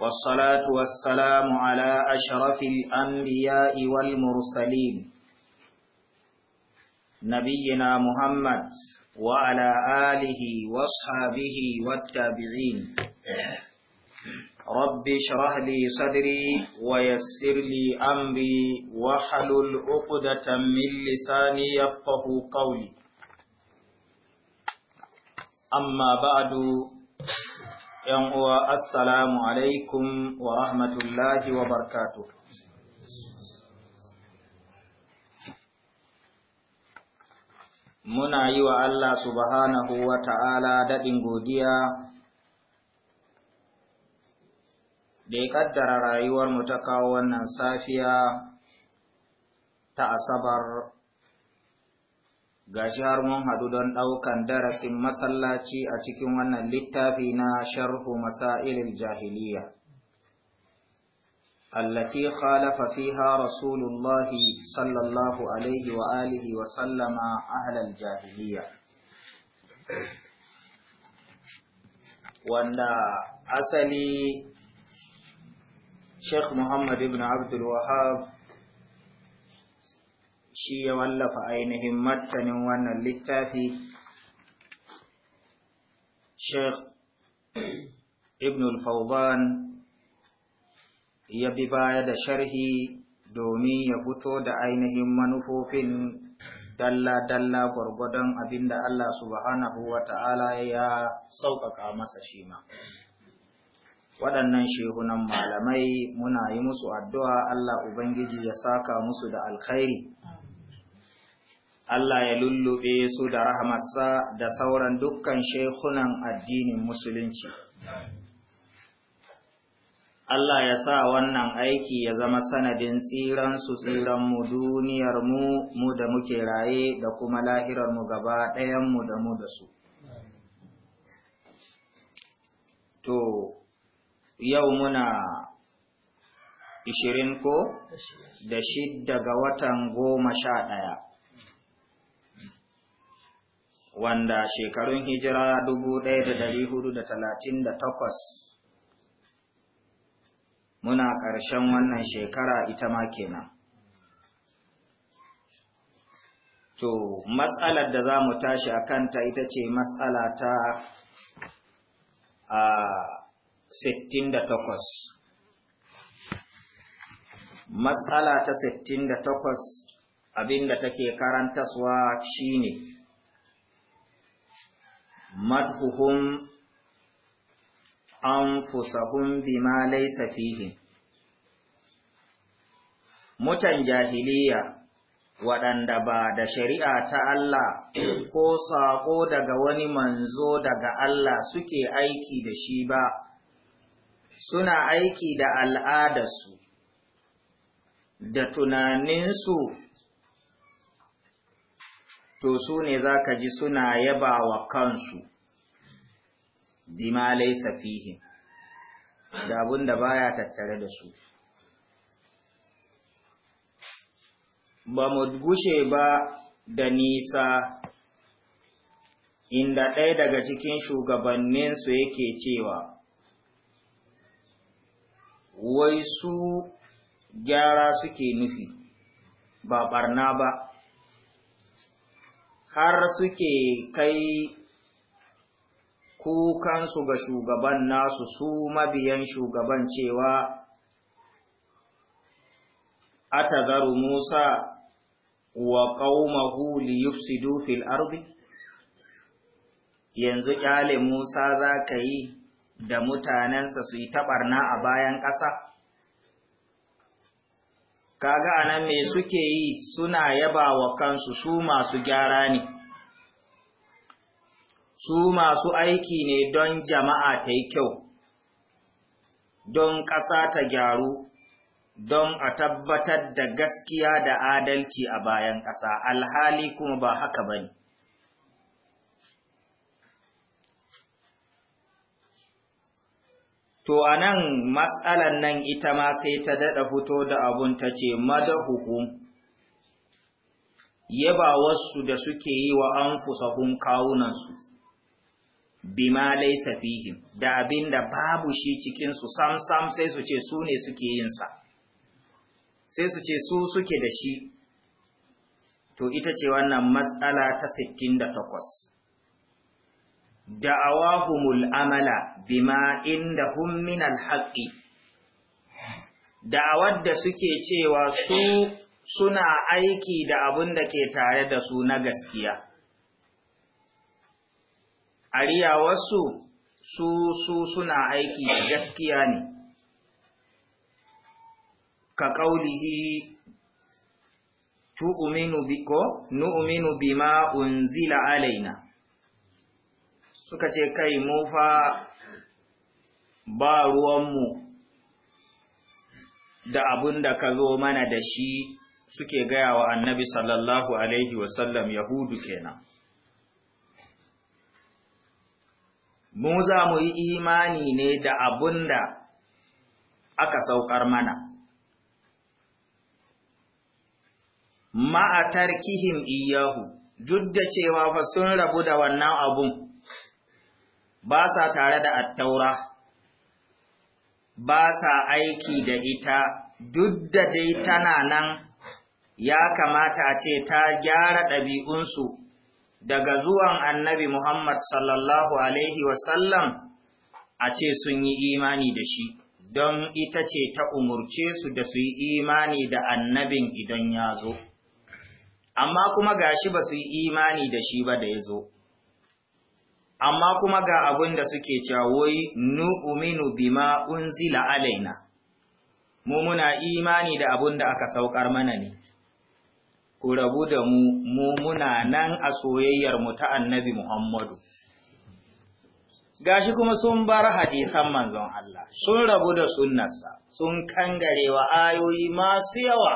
والصلاة والسلام على أشرف الأنبياء والمرسلين نبينا محمد وعلى آله واصحابه والتابعين رب اشرح لي صدري ويسر لي أمري وحلل عقدة من لساني يفقه قولي أما بعد ‘yan uwa assalamu alaikum wa rahmatullahi wa barkatu. Muna yi wa Allah subhanahu wa ta'ala daɗin godiya da ya ƙaddara rayuwarmu ta kawo wannan safiya ta Asabar gashi har mun hadu don ɗaukan darasin masallaci a cikin wannan littafi na sharhu masailil jahiliya allati khalafa fiha rasulullahi sallallahu alaihi wa alihi wa sallama ahlal jahiliya wanda asali Sheikh Muhammad ibn Abdul Wahab shi ya wallafa ainihin martanin wannan littafi sheikh ibn al-fawban ya bi baya da sharhi domin ya fito da ainihin manufofin dalla-dalla gwargwadon abinda Allah subhanahu wa ta'ala ya sauƙaƙa masa shi ma. Waɗannan shehunan malamai muna yi musu addu'a Allah Ubangiji ya saka musu da alkhairi, Allah ya lullube su da rahamarsa da sauran dukkan shekunan addinin musulunci. Allah ya sa wannan aiki ya zama sanadin tsiransu su tsiran mu da muke raye da kuma lahirarmu gaba mu da mu da su. To, yau muna ishirin ko? Da shidda ga watan goma sha ɗaya. wanda shekarun hijira 1438 muna ƙarshen wannan shekara ita ma kenan. To, matsalar da za mu tashi a kanta ita ce matsala ta a 68. Matsala ta 68 abinda take karantaswa shine madhuhum anfusahum bima laysa fihim mutan jahiliya waɗanda ba da shari'a ta Allah ko saƙo daga wani manzo daga Allah suke aiki da shi ba suna aiki da al'adarsu da tunaninsu to su ne za ka ji suna yaba wa kansu dimalai safihin da abin da baya tattare da su ba mu gushe ba da nisa inda ɗaya daga cikin shugabanninsu yake cewa wai su gyara suke nufi ba ɓarna ba har suke kai kukansu ga shugaban nasu su mabiyan shugaban cewa atazaru Musa wa qaumahu yufsidu fil ardi yanzu kyale Musa za ka yi da mutanensa su yi taɓarna a bayan ƙasa? kaga anan me suke yi suna yaba wa kansu su masu gyara ne su masu aiki ne don jama'a ta yi kyau don ƙasa ta gyaru don a tabbatar da gaskiya da adalci a bayan ƙasa alhali kuma ba haka bane ne To, a nan matsalan nan ita ma sai ta daɗa fito da abun ta ce, Madahuhum, yaba wasu da suke yi wa an fusahun kawunansu, bima laisa fihim, da abin da babu shi cikinsu sam-sam sai su ce su ne suke yinsa, sai su ce su suke da shi, to ita ce wannan matsala ta 68. da'awahumul amala bima indahum min alhaqi da'awar da suke cewa su suna aiki da abun da ke tare da su na gaskiya ariya wasu su su suna aiki da gaskiya ne ka kaulihi tu'minu biko nu'minu bima unzila alaina suka ce kai mu fa ba ruwanmu da abun da ka zo mana da shi suke gaya wa annabi sallallahu alaihi wasallam yahudu kenan mu za mu yi imani ne da abun da aka saukar mana ma'atarkihim tarkihim iyahu duk da cewa fa sun rabu da wannan abun ba sa tare da attaura ba sa aiki da ita duk da dai tana nan ya kamata a ce ta gyara ɗabi'unsu daga zuwan annabi Muhammad sallallahu Alaihi wasallam a ce sun yi imani da shi, don ita ce ta umurce su da su yi imani da annabin idan ya zo. Amma kuma gashi ba su yi imani da shi ba da ya zo, amma kuma ga abin da suke cawoyi nu'uminu bima unzila alaina mu muna imani da abin da aka saukar mana ne ku rabu da mu mu muna nan a soyayyar mu ta annabi Muhammadu gashi kuma sun bar hadisan manzon Allah sun rabu da sunnarsa sun kangarewa ayoyi masu yawa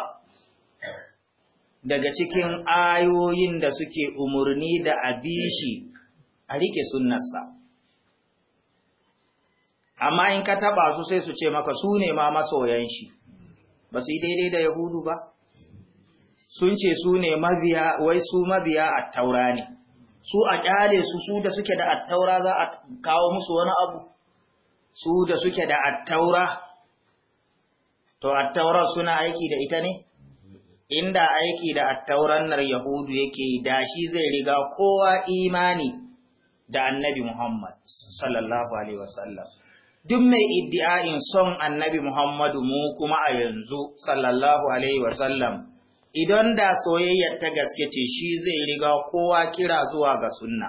daga cikin ayoyin da suke umurni da abishi a rike sunnarsa amma in ka taba su sai su ce maka su ne ma masoyan shi ba su yi daidai da yahudu ba sun ce su ne mabiya wai su mabiya a taura ne su a kyale su su da suke da attaura za a kawo musu wani abu su da suke da attaura to attaura suna aiki da ita ne inda aiki da attauran nar yahudu yake da shi zai riga kowa imani da annabi Muhammad sallallahu Alaihi wasallam. Duk mai iddi'a'in son annabi Muhammadu mu kuma a yanzu sallallahu Alaihi wasallam, idan da soyayyar ta gaske ce shi zai riga kowa kira zuwa ga sunna.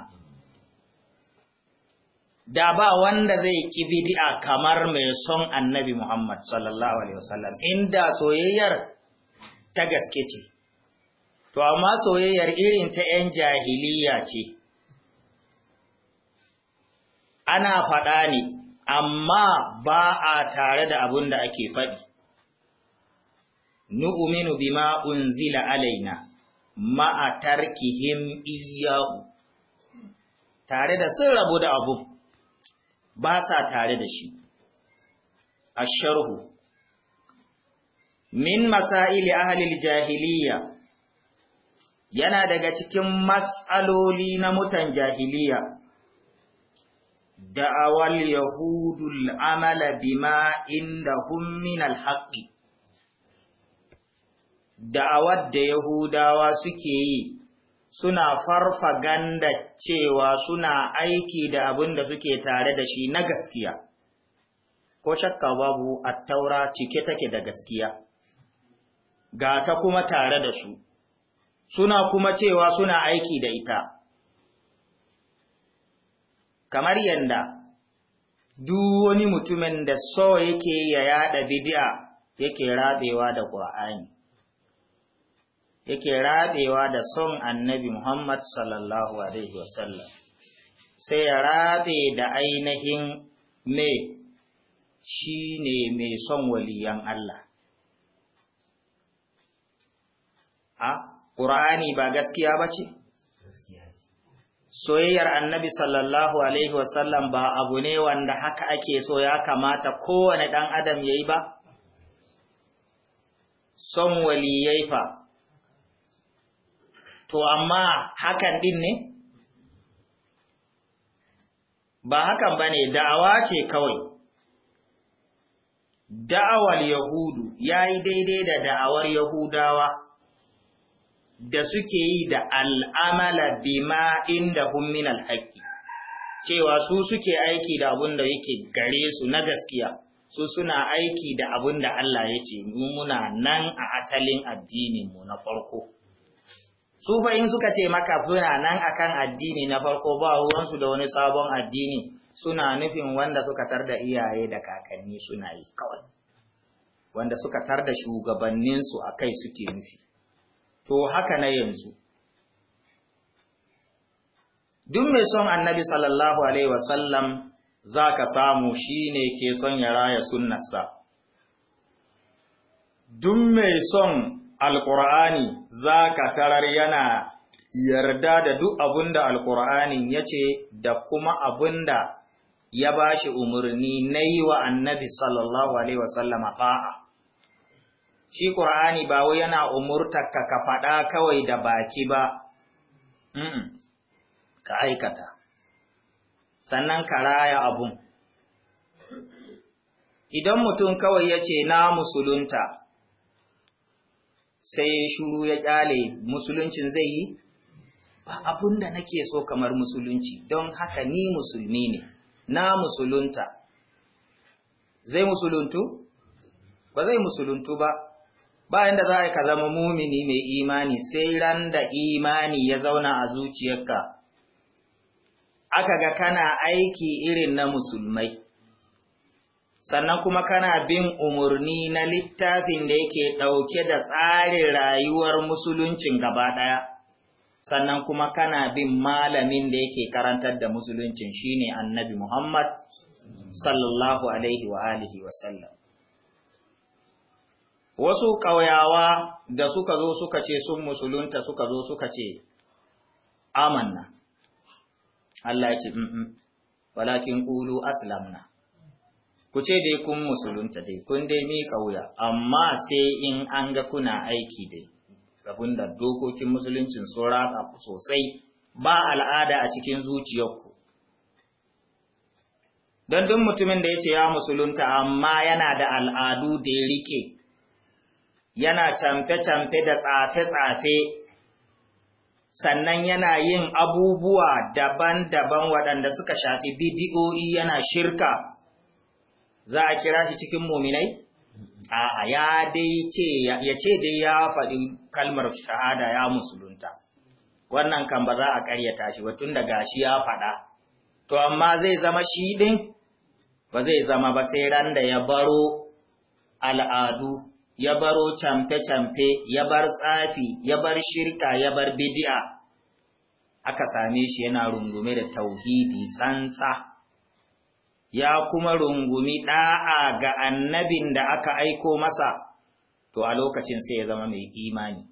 da ba wanda zai ki bid'a kamar mai son annabi Muhammad sallallahu alaihi wasallam inda soyayyar ta gaske ce to amma soyayyar irin ta 'yan jahiliya ce ana faɗa ne, amma ba a tare da abin da ake faɗi. Nu'uminu bima unzila alaina, ma'atar tarkihim iyahu, tare da sun rabu da abu, ba sa tare da shi. Asharhu Min masaili ahalil jahiliya, yana daga cikin matsaloli na mutan jahiliya. da'awal yahudul amala bima indahum min alhaqi da'awar da yahudawa suke yi suna farfaganda cewa suna aiki da abin da suke tare da shi na gaskiya ko shakka babu taura cike take da gaskiya ga ta kuma tare da su suna kuma cewa suna aiki da ita kamar yanda duk wani mutumin da so yake ya yada bidiya yake rabewa da Qur'ani yake rabewa da son Annabi Muhammad sallallahu alaihi wasallam sai ya rabe da ainihin me shine mai son waliyan Allah a Qur'ani ba gaskiya bace gaskiya soyayyar annabi sallallahu alaihi wasallam ba abu ne wanda haka ake so ya kamata kowane ɗan adam ya yi ba? Son waliyai fa, to amma hakan ɗin ne? Ba hakan ba da'awa ce kawai. Da'awar Yahudu ya yi daidai da da'awar Yahudawa. da suke yi da al'amala bima inda hummin alhaƙi, cewa su suke aiki da abun da yake gare su na gaskiya, su suna aiki da abun da Allah ya ce, muna nan a asalin addininmu na farko. Su in suka ce maka suna nan akan addini na farko ba ruwansu da wani sabon addini suna nufin wanda suka tar da iyaye da kakanni suna yi kawai, wanda suka tar da shugabanninsu a kai suke nufi. to haka na yanzu. Duk mai son annabi sallallahu Alaihi wasallam za ka samu shine ke son ya raya sunnarsa. Duk mai son Alƙur'ani za ka tarar yana yarda da duk abin da yace ya ce da kuma abin ya ba shi umarni na yi wa annabi sallallahu Alaihi wasallama ɗa'a. shi ƙur'ani ba wai yana umurtarka ka faɗa kawai da baki ba, ka aikata, sannan ka raya abun. Idan mutum kawai yace na musulunta, sai shuru ya ƙyale musuluncin zai yi, ba abun da nake so kamar musulunci, don haka ni musulmi ne, na musulunta. Zai musuluntu? Ba zai musuluntu ba. bayan da za ka zama mumini mai imani sai ran da imani ya zauna a zuciyarka aka ga kana aiki irin na musulmai sannan kuma kana bin umarni na littafin da yake ɗauke da tsarin rayuwar musuluncin gaba ɗaya sannan kuma kana bin malamin da yake karantar da musuluncin shine annabi Muhammad sallallahu alaihi wa alihi wa wasu ƙauyawa da suka zo suka ce sun musulunta suka zo suka ce amanna Allah ya ce walakin ƙulu aslamna ku ce dai kun musulunta dai kun dai mi ƙauya amma sai in an ga kuna aiki dai abinda dokokin musuluncin sun raka sosai ba al'ada a cikin zuciyarku don duk mutumin da ya ce ya musulunta amma yana da al'adu da ya rike yana camfe-camfe da tsafe-tsafe sannan yana yin abubuwa daban-daban waɗanda suka shafi bidiyoyi yana shirka za a kira shi cikin muminai? A'a ya dai ce ya ce dai ya faɗi kalmar shahada ya musulunta wannan kan ba za a ƙaryata shi ba tun daga shi ya faɗa to amma zai zama shi ɗin ba zai zama ba sai ran da ya baro al'adu ya baro camfe-camfe, ya bar tsafi, ya bar shirka, ya bar bidi'a, aka same shi yana rungume da tauhidi tsantsa, ya kuma rungumi ɗa'a ga annabin da aka aiko masa, to a lokacin sai ya zama mai imani.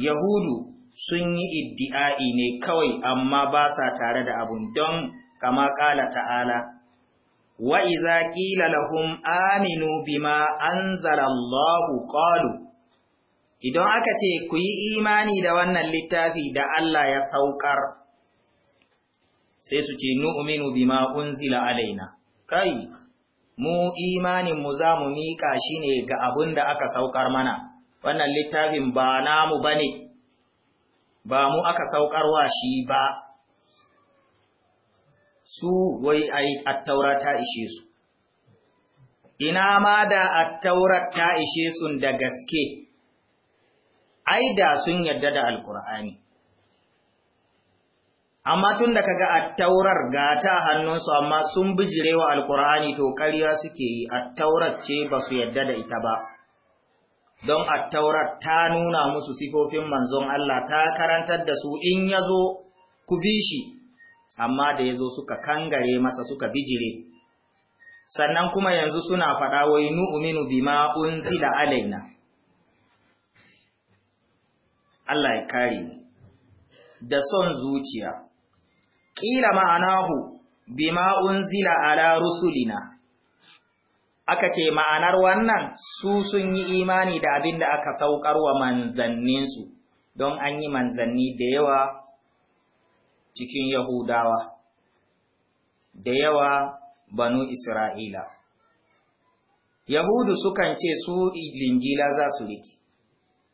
Yahudu sun yi iddi'a'i ne kawai amma ba sa tare da abun don kama ƙala ta'ala. wa iza qila lahum aminu bima anzala Allahu qalu idan aka ce ku yi imani da wannan littafi da Allah ya saukar sai su ce nu'minu bima unzila alaina kai mu imanin mu za mu shi ne ga abin da aka saukar mana wannan littafin ba namu bane ba mu aka saukarwa shi ba su wai ai attaura ta ishe su ina ma da attaura ta ishe su da gaske ai da sun yarda da alkur'ani amma tun da kaga attaurar ga ta hannunsu amma sun bijirewa alkur'ani to ƙarya suke yi attaurar ce ba su yarda da ita ba don attaurar ta nuna musu sifofin manzon Allah ta karantar da su in ya zo ku bi shi amma da ya zo suka kangare masa suka bijire sannan kuma yanzu suna faɗa wai nu'minu bima da alaina Allah ya kare da son zuciya Ƙila ma'anahu bima da ala rusulina aka ce ma'anar wannan su sun yi imani da abin da aka saukar wa manzanninsu don an yi manzanni da yawa cikin Yahudawa, da yawa banu Isra'ila. Yahudu sukan ce su linjila za su rike,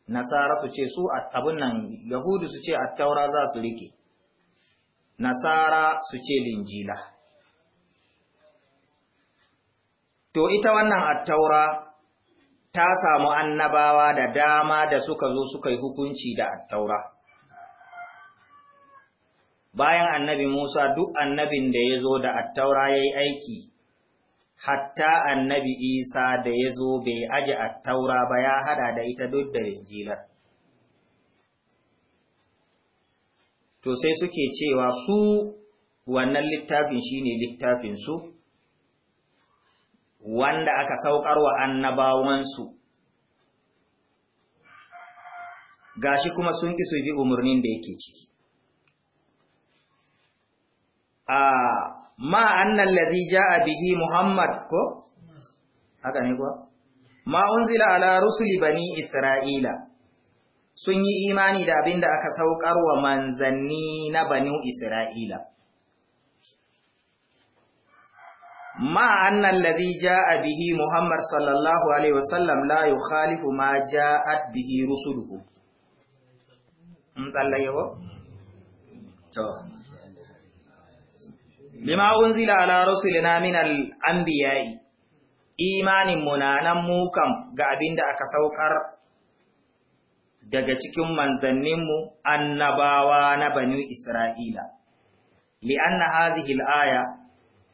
Nasara su ce su abin nan, Yahudu su ce attaura za su rike, Nasara su ce linjila. To, ita wannan attaura ta samu annabawa da dama da suka zo suka yi hukunci da attaura. bayan annabi Musa duk annabin da ya zo da attaura ya yi aiki, hatta annabi Isa da ya zo bai aji attaura ba ya hada da ita duk da rinjilar. To sai suke cewa su wannan littafin shi shine littafinsu, wanda aka saukar wa annabawansu. Gashi kuma sun ƙi su bi umarnin da yake ciki. Ah, ma annal ladhi a bihi muhammad ko haka ne kuwa ma unzila ala rusuli bani isra'ila sun yi imani da abin da aka saukar wa manzanni na bani isra'ila ma annal ladhi a bihi muhammad sallallahu alaihi wasallam la khalifu ma ja jaat bihi rusuluhu mun tsallaye ba to bima unzila ala rasulina min al-anbiya'i imanin mu na nan mu kam ga abinda aka saukar daga cikin manzannin mu annabawa na Bani isra'ila li anna hadhihi al-aya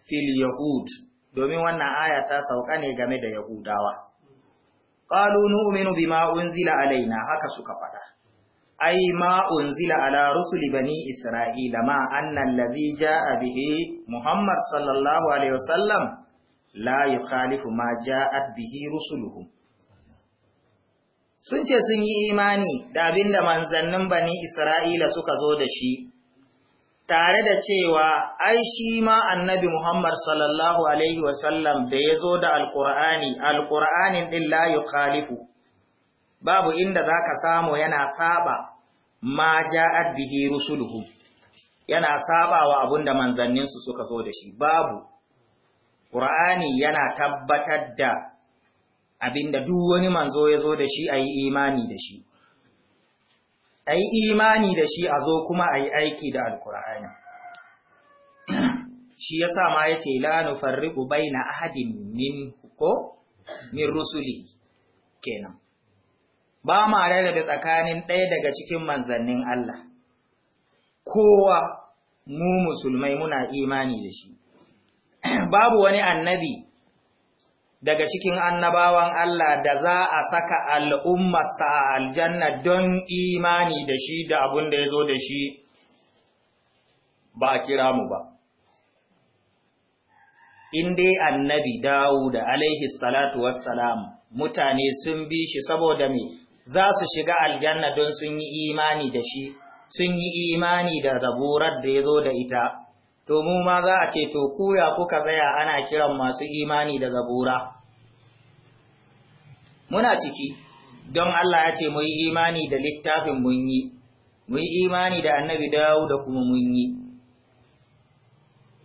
fil yahud domin wannan aya ta sauka ne game da yahudawa qalu nu'minu bima unzila alaina haka suka fada ai ma unzila ala rusuli bani isra'ila ma annal ladhi jaa bihi muhammad sallallahu alaihi wasallam la yukhalifu ma ja'at bihi rusuluhum sun ce sun yi imani da abinda manzannin bani isra'ila suka zo da shi tare da cewa ai shi ma annabi muhammad sallallahu alaihi wasallam da ya zo da alqur'ani alqur'anin din la yukhalifu babu inda za ka samu yana saba ma ja'ad bihi rusuluhu yana sabawa wa abinda manzanninsu suka zo da shi babu Qur'ani yana tabbatar da abinda duk wani manzo ya zo da shi a imani da shi a imani da shi a zo kuma ayi aiki da alkur'ani shi yasa ma yace ce lanu farriku bai ahadin min ko min rusuli kenan ba ma rarrabe tsakanin ɗaya daga cikin manzannin Allah kowa mu musulmai muna imani da shi babu wani annabi daga cikin annabawan Allah da za a saka al'ummarsa a aljanna don imani da shi da abin da ya zo da shi ba a kira mu ba. In dai annabi Dawuda alaihi salatu wassalam mutane sun bi shi saboda mai. za su shiga aljanna don sun yi imani da shi sun yi imani da zaburar da ya zo da ita to mu ma za a ce to kuya kuka tsaya ana kiran masu imani da zabura muna ciki don Allah ya ce mu yi imani da littafin mun yi mu yi imani da annabi dawo da kuma mun yi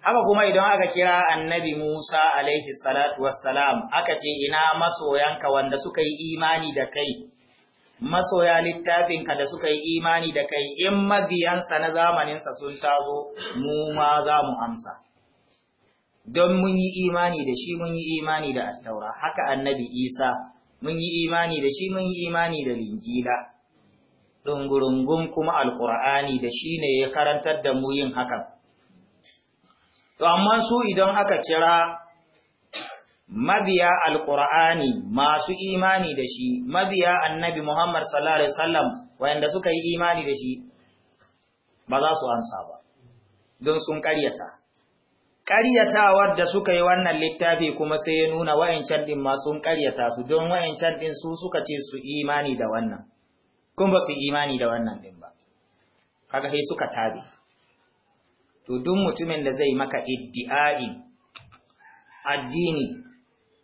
haka kuma idan aka kira annabi Musa alaihi salatu wassalam aka ce ina masoyanka wanda suka yi imani da kai masoya littafinka da suka yi imani da kai in mabiyansa na zamaninsa sun tazo mu ma za mu amsa don mun yi imani da shi mun yi imani da attaura haka annabi isa mun yi imani da shi mun yi imani da linjila dungurungun kuma alkur'ani da shi ne ya karantar da mu yin hakan to amma su idan aka kira mabiya alqur'ani masu imani da shi mabiya annabi Muhammad sallallahu alaihi wasallam wayanda suka yi imani da shi ba za su amsa ba don sun ƙaryata ƙaryatawar da suka yi wannan littafi kuma sai ya nuna wa'ancan ɗin ma sun ƙaryata su don wa'ancan ɗin su suka ce su imani da wannan kun ba su imani da wannan ɗin ba kaga sai suka tabi to duk mutumin da zai maka iddi'a'in addini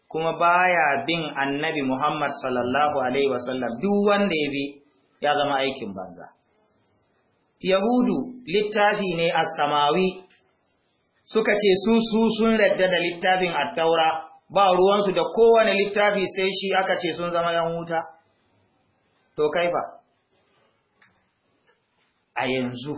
kuma baya bin annabi Muhammad sallallahu Alaihi wasallam duk wanda ya bi ya zama aikin banza. Yahudu littafi ne a samawi suka ce su su sun radda da littafin taura, ba ruwansu da kowane littafi sai shi aka ce sun zama yan wuta. To kaifa, a yanzu.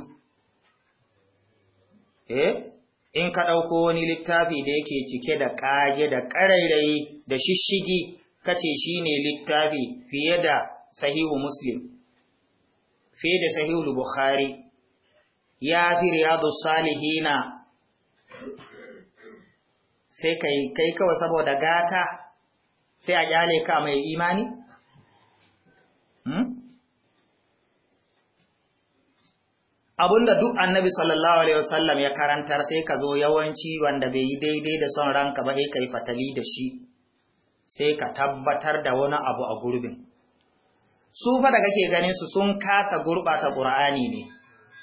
Eh? in ka ɗauko wani littafi da yake cike da ƙage da ƙarairayi da shishigi kace shi ne littafi fiye da sahihu muslim fiye da sahihu bukhari ya fi riyadu salihina sai kai kawai saboda gata sai a ƙyale ka mai imani da duk annabi sallallahu alaihi wasallam ya karantar sai ka zo yawanci wanda bai yi daidai da son ranka ba sai ka yi fatali da shi sai ka tabbatar da wani abu a gurbin su fa da kake ganin su sun kasa gurbata qur'ani ne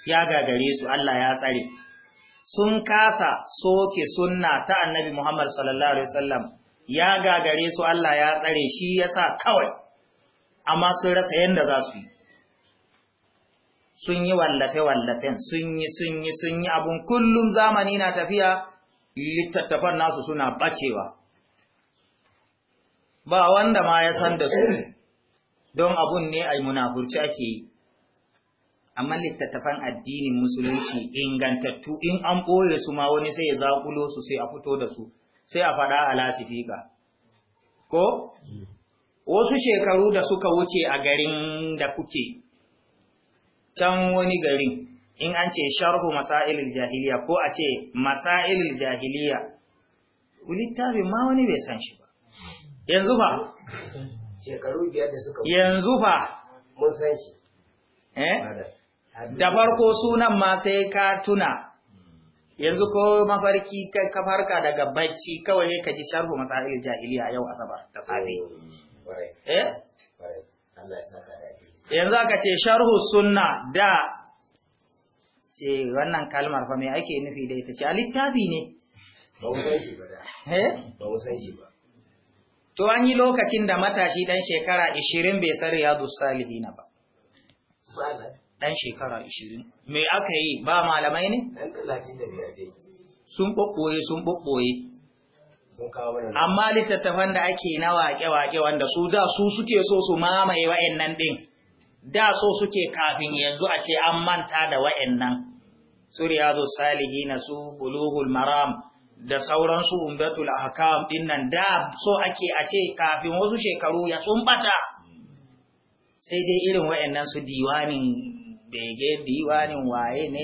ya gagare su Allah ya tsare sun kasa soke sunna ta annabi Muhammad sallallahu alaihi wasallam ya gagare su Allah ya tsare shi yasa kawai amma sun rasa yanda za su yi sun yi wallafe wallafe sun yi sun yi sun yi abun kullum zamani na tafiya littattafan nasu suna bacewa ba wanda ma ya san da su don abun ne a munafurci ake yi amma littattafan addinin musulunci ingantattu in an ɓoye su ma wani sai ya zakulo su sai a fito da su sai a faɗa a lasifika ko wasu shekaru da suka wuce a garin da kuke can wani garin in an ce sharhu masailil jahiliya ko a ce masailil jahiliya littafin ma wani bai san shi ba yanzu fa shekaru biyar da suka yanzu fa mun san shi eh da farko sunan ma sai ka tuna yanzu ko mafarki kai ka farka daga bacci kawai ka ji sharhu masailil jahiliya yau asabar da safe oh, eh Allah ya saka yanzu aka ce sharhu sunna da ce wannan kalmar fa me ake nufi da ita ce a littafi ne ba eh? shi ba to an yi lokacin da matashi dan shekara 20 bai san riyadus na ba dan shekara 20 me aka yi ba malamai ne sun ɓoɓɓoye, sun ɓoɓɓoye. amma littattafan da ake na waƙe-waƙe wanda su da su suke so su mamaye nan ɗin da so suke kafin yanzu a ce an manta da wa'annan nan. riyadu salihi na su bulughul maram da sauransu umdatul ahkam dinnan da so ake a ce kafin wasu shekaru ya tsumbata sai dai irin wa'annan su diwanin bege diwanin waye ne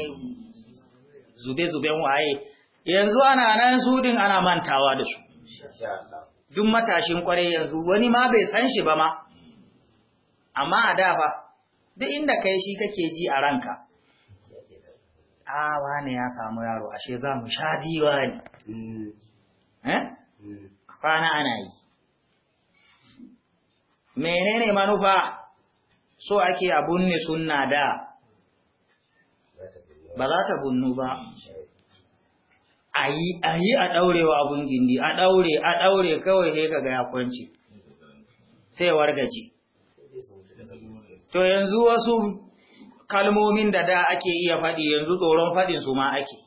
zube-zuben waye yanzu ana nan su din ana mantawa da su duk matashin kwarai yanzu wani ma bai san shi ba ma amma a dafa duk inda kai shi kake ji a ranka a wane ya samu yaro ashe za mu sha diwa ne hmm. Eh? Hmm. kwana ana yi menene manufa so ake a ne sunna da ba za ta bunnu ba a yi a wa abun gindi a daure a daure kawai ka ga ya sai wargaji to yanzu wasu kalmomin da da ake iya faɗi yanzu tsoron faɗin su ma ake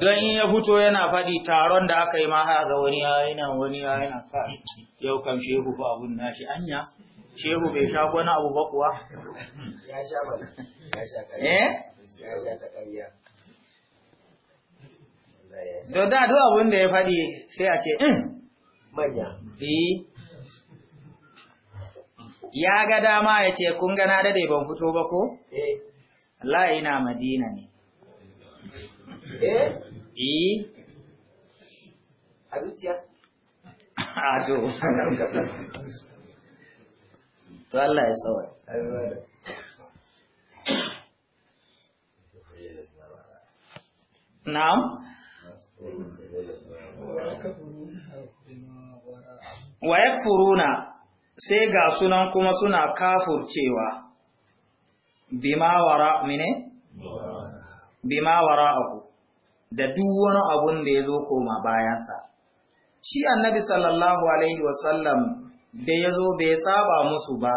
don in ya fito yana faɗi taron da aka yi ma haka wani yana wani yana ka yau kam shehu ba abun nashi anya shehu bai sha wani abu ba kuwa ya sha ba ya sha eh ya sha ta ƙarya da da duk abun da ya faɗi sai a ce eh. manya eh ya ga dama ya ce kun gana dade ban fito ba ko? Eh. Allah ina madina ne. Eh? Eh? A zuciya? A to. To Allah ya tsawa. Na'am? Wa yakfuruna sai ga sunan kuma suna kafurcewa bima wara mine bima wara aku da duk wani abun da ya zo koma bayansa shi annabi sallallahu alaihi wasallam da ya zo bai saba musu ba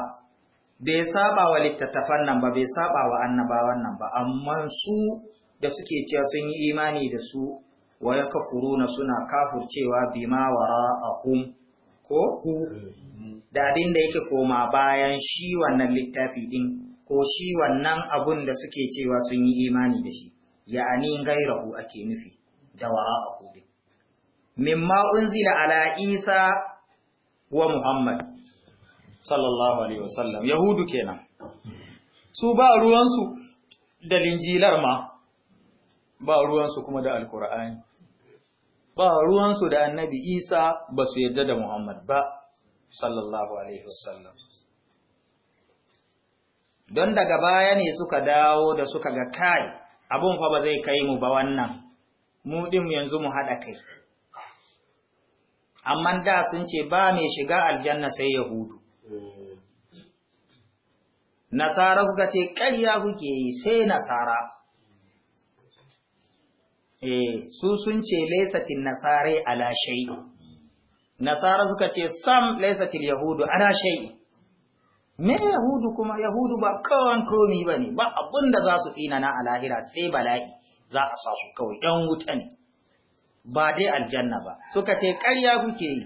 bai saba wa littattafan nan ba bai saba wa annabawan nan ba amma su da suke cewa sun yi imani da su wa ya suna kafurcewa bima wara ahum ko da abin da yake koma bayan shi wannan littafi din ko shi wannan abun da suke cewa sun yi imani da shi ya'ani gairahu ake nufi da wara'ahu din mimma unzila ala isa wa muhammad sallallahu alaihi wasallam yahudu kenan su ba ruwansu da linjilar ma ba ruwansu kuma da alkur'ani ba ruwansu da annabi isa ba su yarda da muhammad ba sallallahu alaihi wasallam don daga baya ne suka dawo da suka ga kai abun fa ba zai kai mu ba wannan mu ɗin yanzu mu haɗa kai amma da sun ce ba mai shiga aljanna sai yahudu eh. nasara suka ce ƙarya kuke sai nasara Eh, su sun ce laisatin nasarai ala shay'i nasara suka ce sam laisatil yahudu ala shay'i me yahudu kuma yahudu ba kawan komi bane ba abunda za su tsina na a lahira sai bala'i za a sa su kawai ɗan wuta ne ba dai aljanna ba suka ce ƙarya kuke yi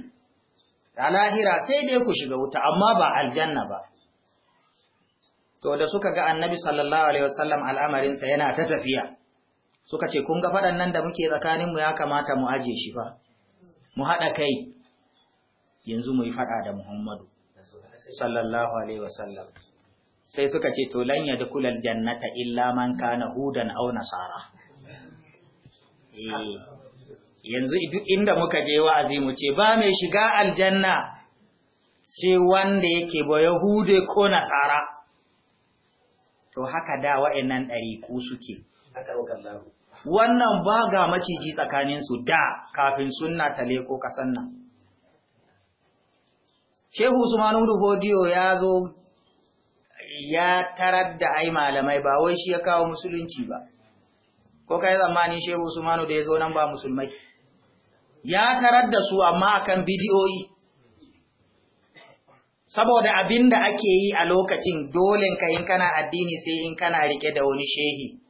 a lahira sai dai ku shiga wuta amma ba aljanna ba to da suka ga annabi sallallahu alaihi wasallam al'amarinsa yana ta tafiya suka ce kun ga faɗan nan da muke tsakaninmu ya kamata mu aje shi fa mu haɗa kai yanzu mu yi faɗa da muhammadu sallallahu alaihi wasallam sai suka ce to lan kulal aljannata illa man kana hudan aw nasara eh yanzu inda muka je wa'azi mu ce ba mai shiga aljanna sai wanda yake ba yahude ko nasara to haka da wa'annan ku suke wannan ba ga maciji tsakaninsu da kafin sunna ta leko kasan nan shehu usmanu hodiyo ya zo ya tarar da ai malamai ba wai shi ya kawo musulunci ba ko kai zamanin shehu usmanu da ya zo nan ba musulmai ya tarar da su amma akan bidiyoyi saboda abin da ake yi a lokacin dole ka in kana addini sai in kana rike da wani shehi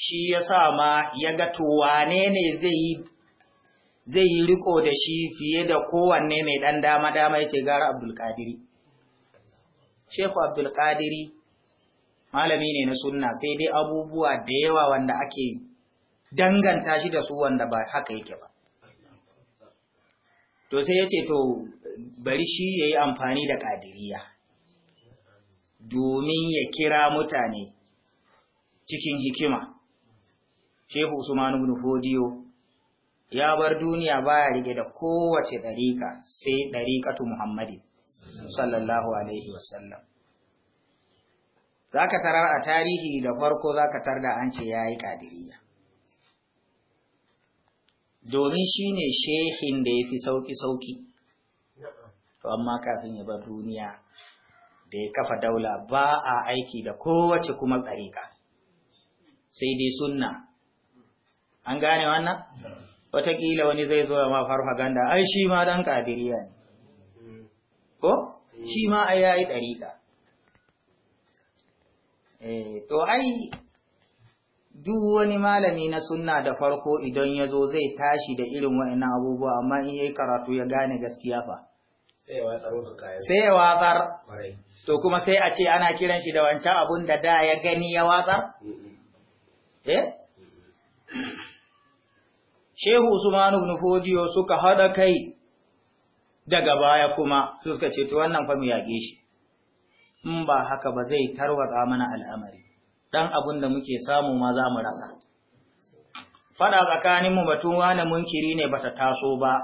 shi ya sa ma ya ga to wane ne zai yi riko da shi fiye da kowanne mai ɗan dama-dama yake gara Abdulkadiri. Shekwa Abdulkadiri malami ne na suna, sai dai abubuwa da yawa wanda ake danganta shi da su wanda ba haka yake ba. To sai ya ce to bari shi ya yi amfani da ƙadiriya domin ya kira mutane cikin hikima. Shehu Usman ibn Fodiyo ya bar duniya baya rike da kowace dariƙa sai dariƙatu Muhammadi sallallahu alaihi wasallam. Zaka tarar a tarihi da farko zaka tarda an ce yayi kadiriya. Domin shine shehin da yafi sauki sauki. To amma kafin ya bar duniya da ya kafa daula ba a aiki da kowace kuma dariƙa. Sai dai sunna an gane wannan wataƙila wani zai zo ma ganda. ai shi ma dan kadiriya ne ko shi ma ai yayi dariqa eh to ai duk wani malami na sunna da farko idan yazo zai tashi da irin wa'annan abubuwa amma in yayi karatu ya gane gaskiya fa sai ya watsar to kuma sai a ce ana kiran shi da wancan abun da da ya gani ya watsar eh shehu usman ibn fodiyo suka hada kai daga baya kuma suka ce to wannan fa mu yage shi in ba haka ba zai tarwatsa mana al'amari dan abun da muke samu ma za mu rasa fada tsakanin mu batun wani munkiri ne bata taso ba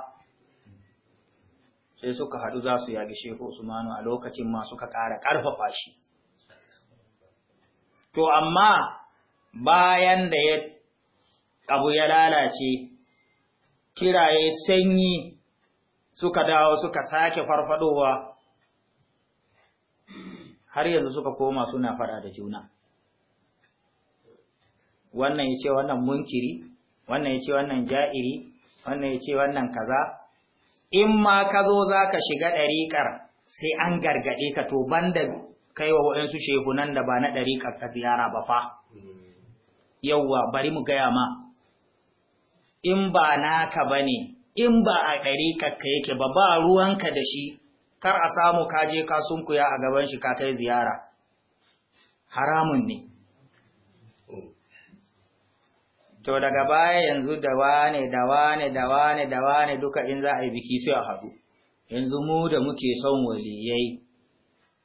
sai suka hadu za su yage shehu usmanu a lokacin ma suka ƙara karfafa shi to amma bayan da ya abu ya lalace kiraye sanyi suka dawo suka sake farfadowa har yanzu suka koma suna faɗa da juna wannan ya ce wannan munkiri wannan ya ce wannan ja'iri wannan ya ce wannan kaza in ma ka zo za ka shiga ɗariƙar sai an gargaɗe ka to banda kai wa waɗansu shehunan da ba na ɗariƙar ka ziyara ba fa hmm. yauwa bari mu gaya ma in ba naka ba ne, in ba a ɗari kakka yake ba ba ruwanka da shi, kar a samu kaje ka ya a gaban shi ka kai ziyara, haramun ne. To daga baya yanzu da wane, da wane, da wane, da wane duka in za a yi biki sai a haɗu, yanzu mu da muke son waliyai,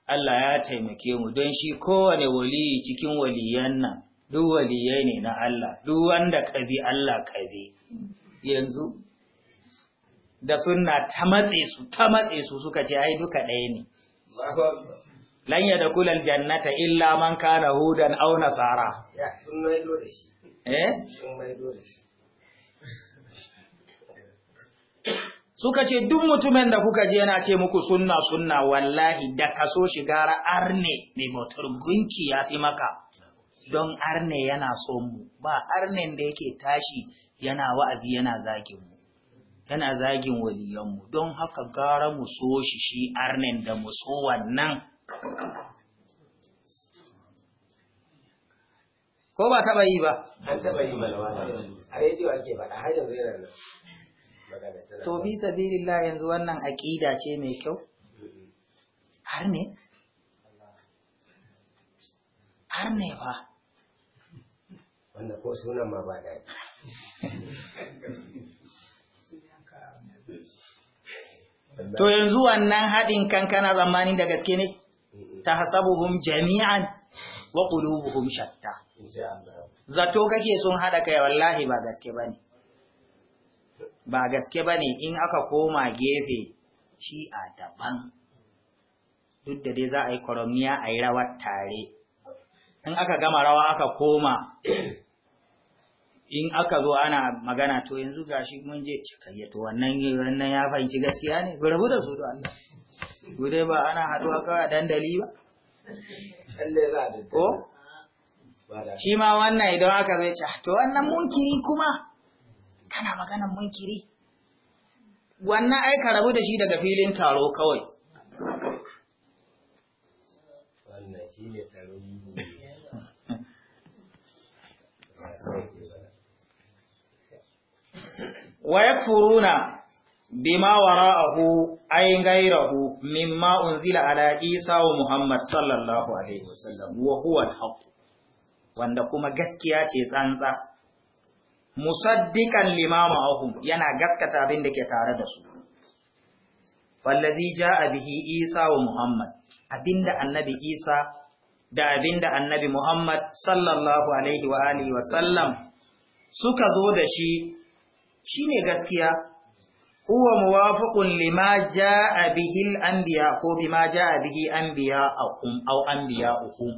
Allah ya taimake mu don shi kowane waliyi cikin waliyan nan, duk waliyai ne na Allah, duk wanda ƙabi Allah ƙabi. yanzu da sunna ta matse su ta matse su suka ce ai duka ɗaya ne lan ya dakula aljannata illa man kana hudan aw nasara eh? suka ce duk mutumin da kuka je yana ce muku sunna sunna wallahi da kaso shigara gara arne mai motar gunki ya fi maka don arne yana son mu ba arnen da yake tashi yana wa'azi yana zagin mu yana zagin waliyanmu don haka gara mu so shi shi arnen da mu so wannan ko ba taɓa yi ba an taɓa yi ba, a rediyo ake faɗa har yanzu yana nan to bi sabilillah yanzu wannan aqida ce mai kyau Arne? Arne har ne ba wanda ko sunan ma ba daɗi to yanzu wannan haɗin kankana kana zamani da gaske ne ta hasabuhum jami'an wa qulubuhum shatta zato kake sun haɗa kai wallahi ba gaske bane ba gaske bane in aka koma gefe shi a daban duk da dai za a yi koromiya a yi rawar tare in aka gama rawa aka koma in aka zo ana magana to yanzu gashi mun je cikayya to wannan wannan ya fahimci gaskiya ne rabu da su da Allah dai ba ana haduwa kawai a dandali ba ko shi ma wannan idan aka zai ce ah, to wannan munkiri kuma kana magana munkiri wannan ai ka rabu da shi daga filin taro kawai wa yakfuruna bima wara'ahu ay ghayrahu mimma unzila ala Isa wa Muhammad sallallahu alaihi wasallam wa huwa al-haqq wanda kuma gaskiya ce tsantsa musaddikan lima ma'ahum yana gaskata abin da ke tare da su fallazi ja'a bihi Isa wa Muhammad abinda annabi Isa da abinda annabi Muhammad sallallahu alaihi wa sallam suka zo da shi Shi ne gaskiya huwa muwafiqun lima jaa bihi al-anbiya ko bima jaa bihi anbiya an aw anbiya'ukum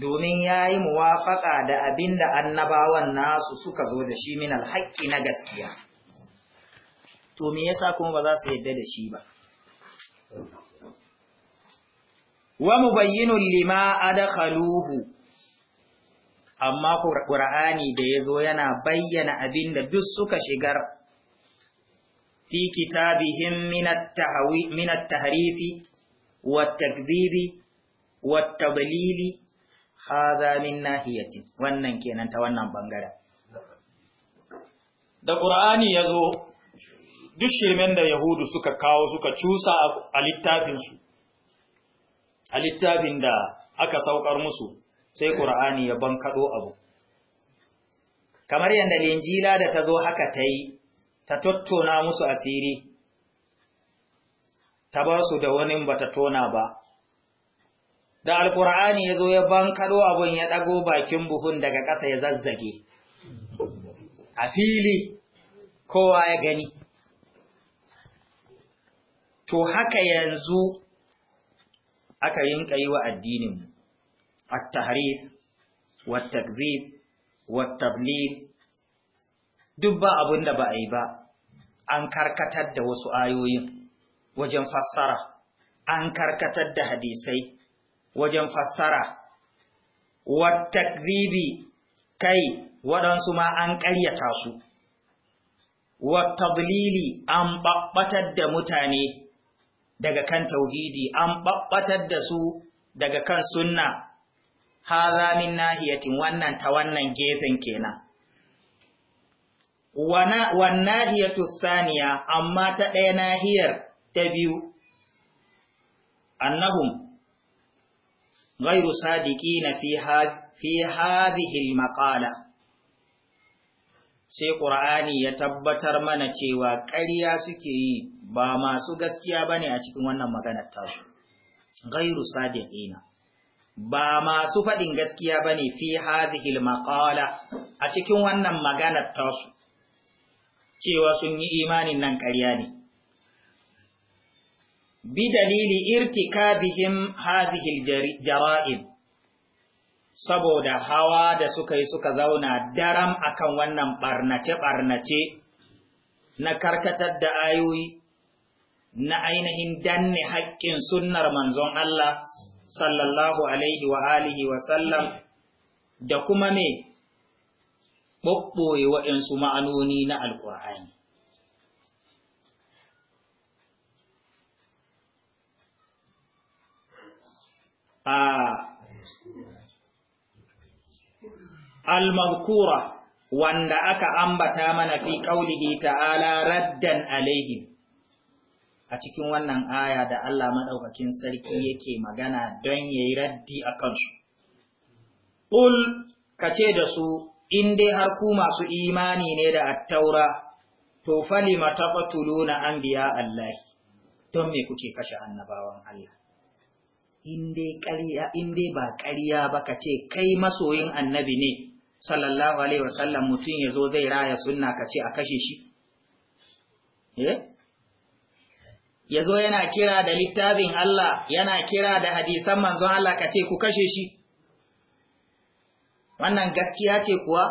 domin yayi muwafaqa da abinda annabawan nasu suka zo da shi min al na gaskiya to me yasa kuma ba za su yadda da shi ba wa mubayyinun lima adkhaluhu amma Qur'ani da ya zo yana bayyana abin da duk suka shigar fi kitabihim minat tahrifi wat takdhibi wat tadlili hadha min nahiyatin wannan kenan ta wannan bangaren da Qur'ani ya zo duk shirmen da Yahudu suka kawo suka cusa a littafinsu a littafin da aka saukar musu sai ƙur'ani ya bankaɗo abu kamar yadda linjila da ta zo haka ta yi ta tattona musu asiri ta ba su da wani ba ta tona ba da Alƙur'ani ya zo ya bankaɗo abun ya ɗago bakin buhun daga ƙasa ya zazzage a fili kowa ya gani to haka yanzu aka yinka yi wa addininmu at-tahrif wa takzib wa tablil duk ba abin da ba a yi ba an karkatar da wasu ayoyin wajen fassara an karkatar da hadisai wajen fassara wa kai waɗansu ma an ƙaryata su wa tadlili an babbatar da mutane daga kan tauhidi an babbatar da su daga kan sunna haza min nahiyatin wannan ta wannan gefen kenan wannan nahiyatu saniya amma ta ɗaya nahiyar ta biyu annahum ghayru sadiqina fi fi hadhihi al sai qur'ani ya tabbatar mana cewa ƙarya suke yi ba masu gaskiya bane a cikin wannan maganar tasu ghayru sadiqina ba masu faɗin gaskiya ba ne fi hazihil maƙala a cikin wannan maganar tasu, cewa sun yi imanin nan ƙarya ne. Bi dalili irtika bihim hazihil jara'im, saboda hawa da suka yi suka zauna daram akan wannan ɓarnace-ɓarnace na karkatar da ayoyi, na ainihin danne haƙƙin sunnar manzon Allah. sallallahu alaihi wa alihi wa sallam da kuma me ɓoɓɓoye waɗansu ma'anoni na alƙur'ani. Al-Mazkura wanda aka ambata mana fi ƙaunihi ta'ala raddan alaihim a cikin wannan aya da Allah maɗaukakin sarki yake magana don ya yi raddi a kansu. Ƙul ka ce da su, in dai har ku masu imani ne da attaura, to fali mataɓatulu na an biya Allah, don me kuke kashe annabawan Allah. In dai ba ƙarya ba ka ce, kai masoyin annabi ne, sallallahu Alaihi wasallam mutum ya zo zai raya sunna ka ce a kashe shi? Eh? ya zo yana kira da littafin Allah yana kira da hadisan manzon Allah ka ce ku kashe shi wannan gaskiya ce kuwa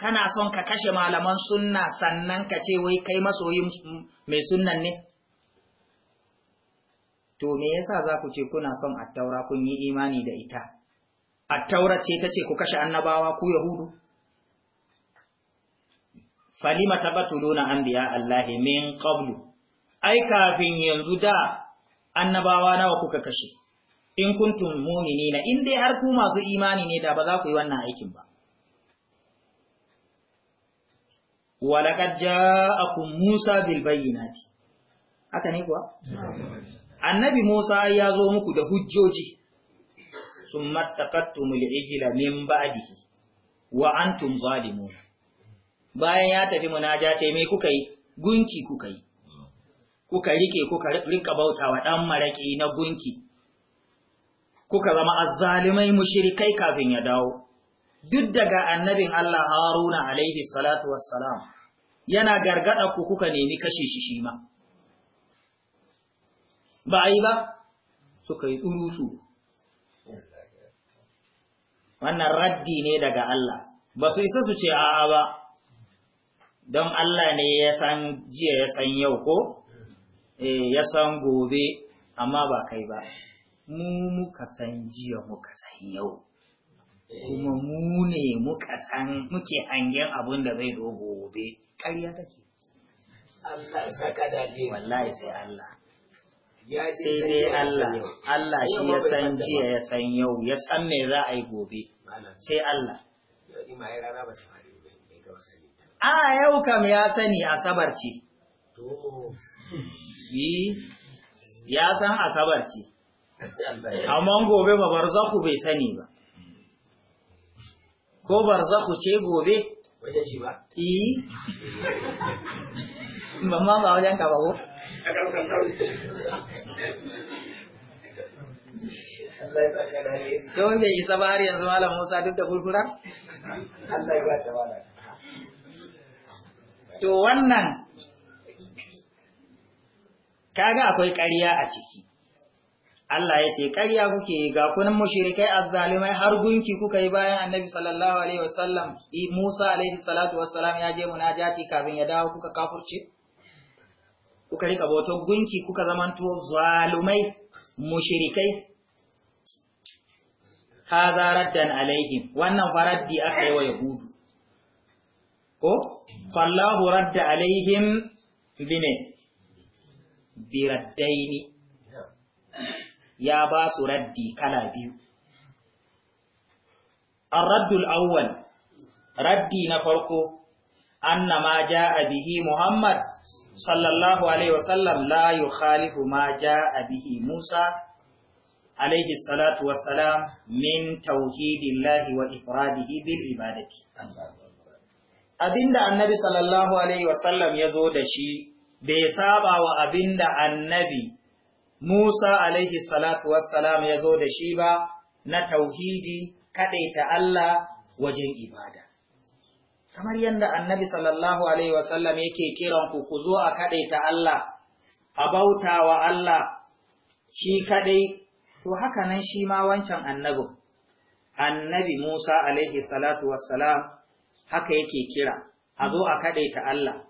kana son ka kashe malaman sunna sannan ka ce wai kai masoyin mai sunnan ne to me yasa za ku ce kuna son attaura kun yi imani da ita attaura ce ta ce ku kashe annabawa ku yahudu falima tabatuluna anbiya allahi min qablu ai kafin yanzu da annabawa nawa kuka kashe in kuntum mu'minina in dai har ku masu imani ne da ba za ku yi wannan aikin ba laqad ja'akum Musa bil bayyinati haka ne kuwa annabi Musa ya zo muku da hujjoji summa taqattumul ijla min ba'dihi wa antum zalimun bayan ya tafi munaja ce me kuka yi gunki kuka yi kuka rike kuka rinka bautawa ɗan maraƙi na gunki, kuka zama azzalimai mushrikai kafin ya dawo, duk daga annabin Allah Haruna alaihi salatu wassalam, yana gargada ku kuka nemi kashe shi shi ma. Ba a ba, suka yi tsurusu. Wannan raddi ne daga Allah. ba su isa su ce a'a ba, don Allah ne ya san jiya ya san yau ko, Eh, ya san gobe amma ba kai ba mu muka san jiya muka san yau kuma mu ne muka san muke hangen abin da zai zo gobe ƙarya take Allah saka dade wallahi sai Allah sai dai Allah Allah shi ya san jiya ya san yau ya san me za a yi gobe sai Allah a yau kam ya sani asabar ce yi ya san asabar ce amma gobe ba barzaku bai sani ba ko barzaku ce gobe wajen ci ba yi mamma ba wajen ka ba ko Don bai isa ba har yanzu Malam Musa duk da kulkura? Allah ya ba ta To wannan kaga akwai ƙarya a ciki Allah ya ce ƙarya kuke ga kunan mushrikai azzalimai har gunki kuka yi bayan Annabi sallallahu alaihi wasallam Musa alaihi salatu wassalam ya je jati kafin ya dawo kuka kafurce kuka rika bautar gunki kuka zamanto zalumai mushrikai hadha raddan alaihim wannan faraddi aka yi wa yahudu ko fallahu radda alaihim bine biraddaini ya ba su raddi kala biyu An arraddul awwal raddi na farko anna ma a bihi muhammad sallallahu alaihi wasallam la yukhalifu ma ja a bihi musa alaihi salatu wassalam min tauhidillahi wa ifradihi bil ibadati abinda annabi sallallahu alaihi wasallam ya zo da shi bai saba wa abinda annabi Musa alaihi salatu wassalam ya zo da shi ba na tauhidi kaɗaita Allah wajen ibada. Kamar yadda annabi sallallahu alaihi wasallam yake kiran ku ku zo a kaɗaita Allah, a bauta wa Allah shi kaɗai, to haka nan shi ma wancan annabin. Annabi Musa alaihi salatu wassalam haka yake kira, a zo a kaɗaita Allah.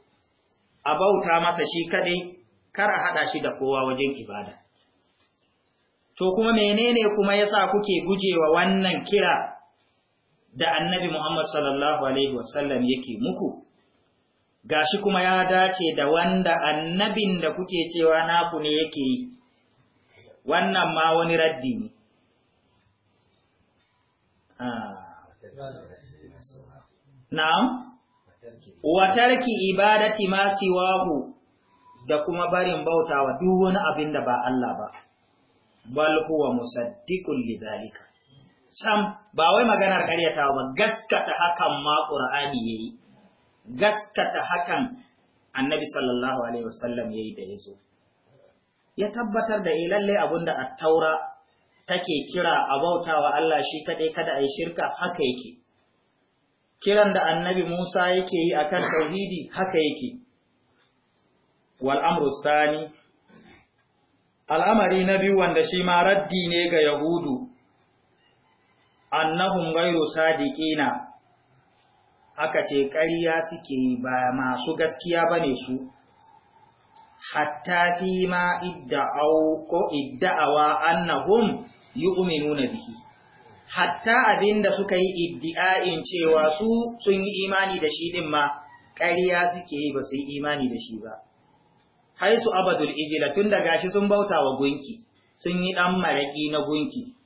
a bauta masa shi kadai kar a haɗa shi da kowa wajen ibada to kuma menene kuma yasa kuke gujewa wannan kira da annabi Muhammad sallallahu alaihi wasallam yake muku gashi kuma ya dace da wanda annabin da kuke cewa naku ne yake yi wannan ma wani raddi ne ah. na'am wa tarki ibadati ma siwahu da kuma barin bautawa duk wani abin da ba Allah ba bal huwa musaddiqun lidhalika sam ba wai maganar karyata ba gaskata hakan ma qur'ani yayi gaskata hakan annabi sallallahu alaihi wasallam yayi da yazo ya tabbatar da eh lalle abinda at-taura take kira a bautawa Allah shi kadai kada ai shirka haka yake kiran da annabi Musa yake yi a kan tauhidi haka yake wal'amru sani al'amari na biyu wanda shi ma raddi ne ga yahudu Annahun gairu sadiƙina. aka ce ƙarya suke ba masu gaskiya ba ne su hatta fi ma idda'awa annahum na biki. hatta abinda suka yi iddi'a'in cewa su sun yi imani da shi ɗin ma ƙariya suke yi ba su yi imani da shi ba. su abadul ijila tun da gashi sun bauta wa gunki, sun yi ɗan maraƙi na gunki.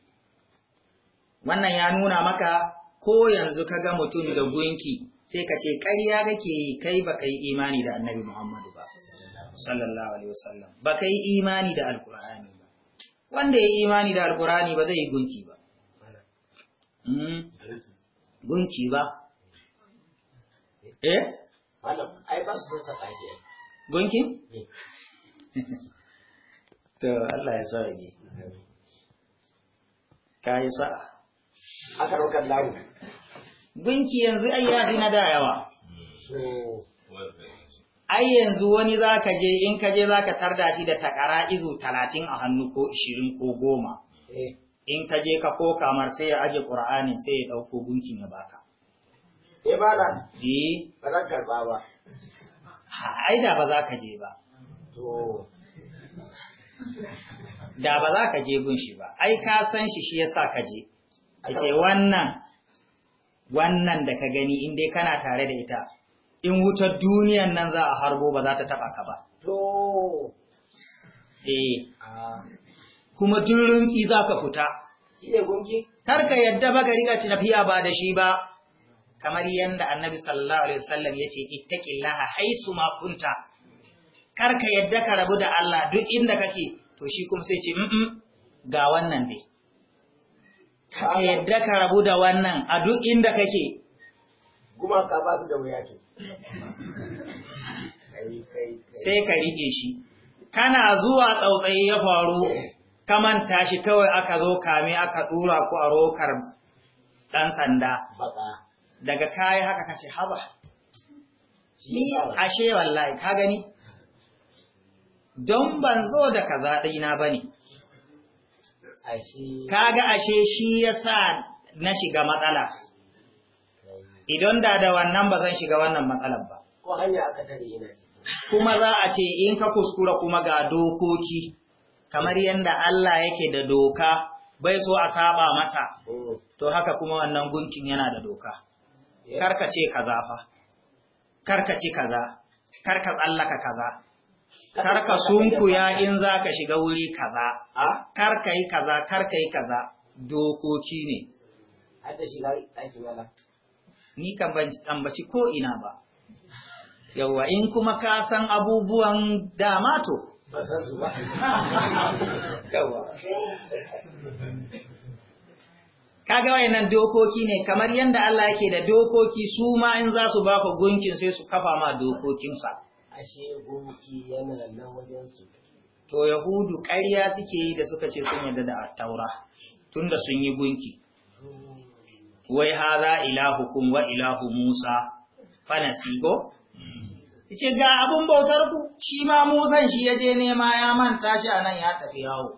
Wannan ya nuna maka ko yanzu ka ga mutum da gunki sai ka ce ƙariya kake yi kai ba ka yi imani da annabi Muhammadu ba, sallallahu Alaihi wasallam, ba ka yi imani da Alƙur'ani ba. Wanda ya yi imani da Alƙur'ani ba zai yi gunki ba. Hmm. gunki ba eh malam ai ba su sassa kai gunki eh. to Allah ya sa ni kai sa aka rokar lawo gunki yanzu ai ya fi na da yawa ai yanzu wani za ka je in ka je za ka tarda shi da takara izu talatin a hannu ko ishirin ko goma eh. in ka je ka koka mar sai ya aje ƙura'anin sai ya ɗauko gunkin ya baka. ba eh, bala? Eh. Ba zan karɓa ba. Ai da ba za ka je ba. To. Da ba za ka je gun shi ba, ai ka san shi shi ya sa ka je. Ake wannan, wannan da ka gani in dai kana tare da ita, in wutar duniyan nan za a harbo ba za ta taɓa ka ba. To. Eh. kuma tun rintsi za ka fita. Kar ka yadda ba ka riƙa tafiya ba da shi ba, kamar yadda annabi sallallahu Alaihi wasallam ya ce, ita Ittaƙillaha haisu makunta, kar ka yadda ka rabu da Allah duk inda kake, to shi kuma sai ce, Mm ga wannan ne. Ka yadda ka rabu da wannan a duk inda kake. Kuma ka ba su da wuya ke. Sai ka riƙe shi. Kana zuwa tsautsayi ya faru. ka tashi kawai aka zo kame aka dura ku a rokar ɗan sanda daga kai haka kace haba ni ashe wallahi ka gani don ban zo da kaza ɗina ba ne kaga ashe shi ya sa na shiga matsala idan da da wannan ba zan shiga wannan matsalar ba kuma za a ce in ka kuskura kuma ga dokoki kamar yadda Allah yake da doka bai so a saba masa to haka kuma wannan gunkin yana da doka karkace kaza fa karkace kaza karka tsallaka kaza karka sunkuya in zaka shiga wuri kaza karka yi kaza karka yi kaza dokoki ne ni kan ambaci ko ina ba yawwa in kuma ka san abubuwan dama to ba san kaga wayannan dokoki ne kamar yadda Allah yake da dokoki su ma in za su baka gunkin sai su kafa ma dokokinsa ashe gunki yana nan to yahudu ƙarya suke yi da suka ce sun yarda da attaura tunda sun yi gunki wai haza ilahukum wa ilahu musa fanasi ko ce ga abin bautar ku shi ma musan shi ya je nema ya manta shi a nan ya tafi yawo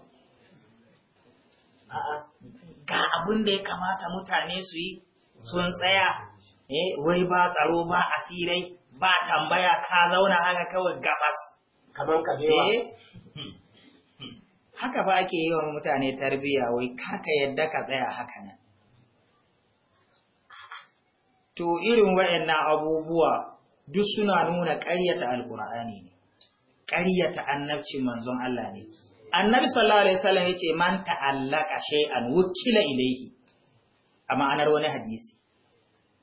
ga abin da ya kamata mutane su yi sun tsaya eh wai ba tsaro ba asirai ba tambaya ka zauna haka kawai gabas kamar kabewa eh, hmm, hmm. haka ba ake yi wa mutane tarbiya wai karka yadda ka tsaya haka nan to irin waɗannan abubuwa duk suna nuna ƙaryata alkur'ani ne ƙaryata annabci manzon Allah ne annabi sallallahu alaihi wasallam yace man ta'allaka shay'an wukila ilayhi a ma'anar wani hadisi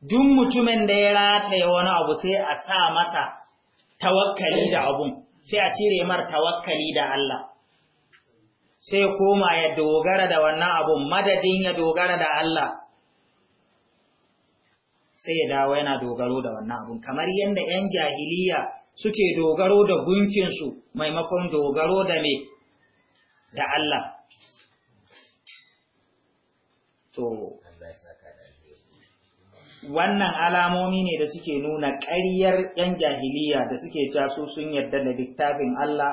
duk mutumin da ya ya wani abu sai a sa masa tawakkali da abun sai a cire mar tawakkali da Allah sai koma ya dogara da wannan abun madadin ya dogara da Allah sai ya dawo yana dogaro da wannan abun kamar yadda 'yan jahiliya suke dogaro da gunkinsu maimakon dogaro da me da Allah to wannan alamomi ne da suke nuna ƙaryar 'yan jahiliya da suke casu sun yarda da littafin Allah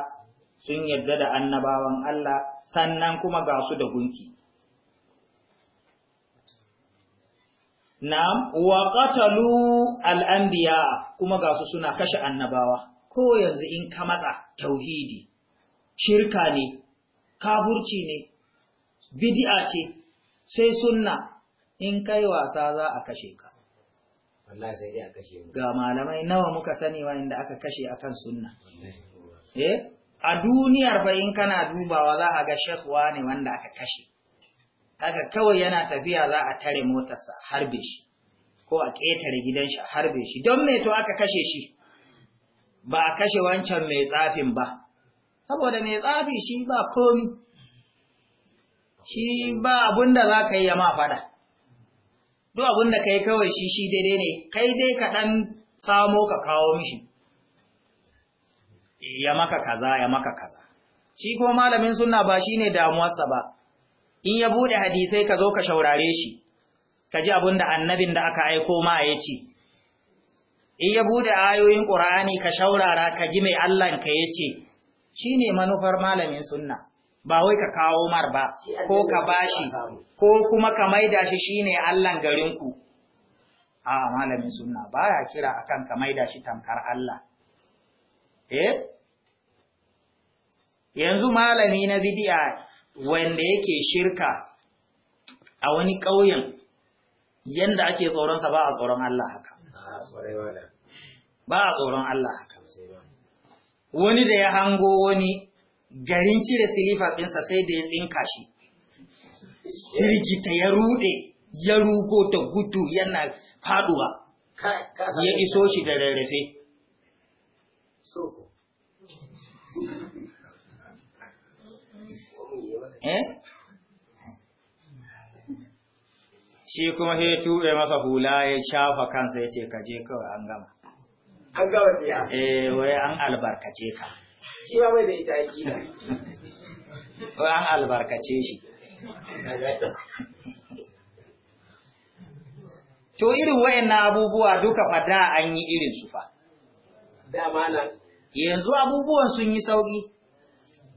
sun yarda da annabawan Allah sannan kuma ga su da gunki na'am wa qatalu al kuma ga su suna kashe annabawa ko yanzu in ka matsa tauhidi shirka ne kafurci ne bid'a ce sai sunna in kai wasa za a kashe ka wallahi sai a kashe ga malamai nawa muka sani wa inda aka kashe akan sunna eh a duniyar fa in kana dubawa za a ga shekwa ne wanda aka kashe haka kawai yana tafiya za a tare motarsa harbe shi ko a ƙetare gidan shi harbe shi don me to aka kashe shi ba a kashe wancan mai tsafin ba saboda mai tsafi shi ba komi shi ba abunda za ka yi ya ma faɗa duk abunda ka yi kawai shi shi daidai ne kai dai ka ɗan samo ka kawo mishi ya maka kaza ya maka kaza shi kuma malamin suna ba shi ne damuwarsa ba in ya bude hadisai ka zo ka shaurare shi ka ji abin da annabin da aka aiko ma ya ce in ya bude ayoyin ƙur'ani ka shaurara ka ji mai Allahnka ya ce shi ne manufar malamin sunna ba wai ka kawo mar ba ko ka bashi ko kuma ka maida shi shine Allahn garinku a malamin sunna baya kira akan ka maida shi tamkar Allah eh yanzu malami na bidiya wanda yake shirka a wani ƙauyen yadda ake tsoronsa ba a tsoron Allah haka. Ah, ba a tsoron Allah haka. Wani da ya hango wani garin cire silifa ɗinsa sai da ya tsinka shi. Firgita ya ruɗe, ya rugo ta gudu yana faɗuwa, ya iso shi da rarrafe. Eh? shi kuma sai tuɗe masa hula ya shafa kansa ya ce kaje kawai an gama an gama ya eh wai an albarkace ka shi ba bai da ita aƙida wai an albarkace shi to irin wayannan abubuwa duka fa da an yi irin su fa da malam yanzu abubuwan sun yi sauki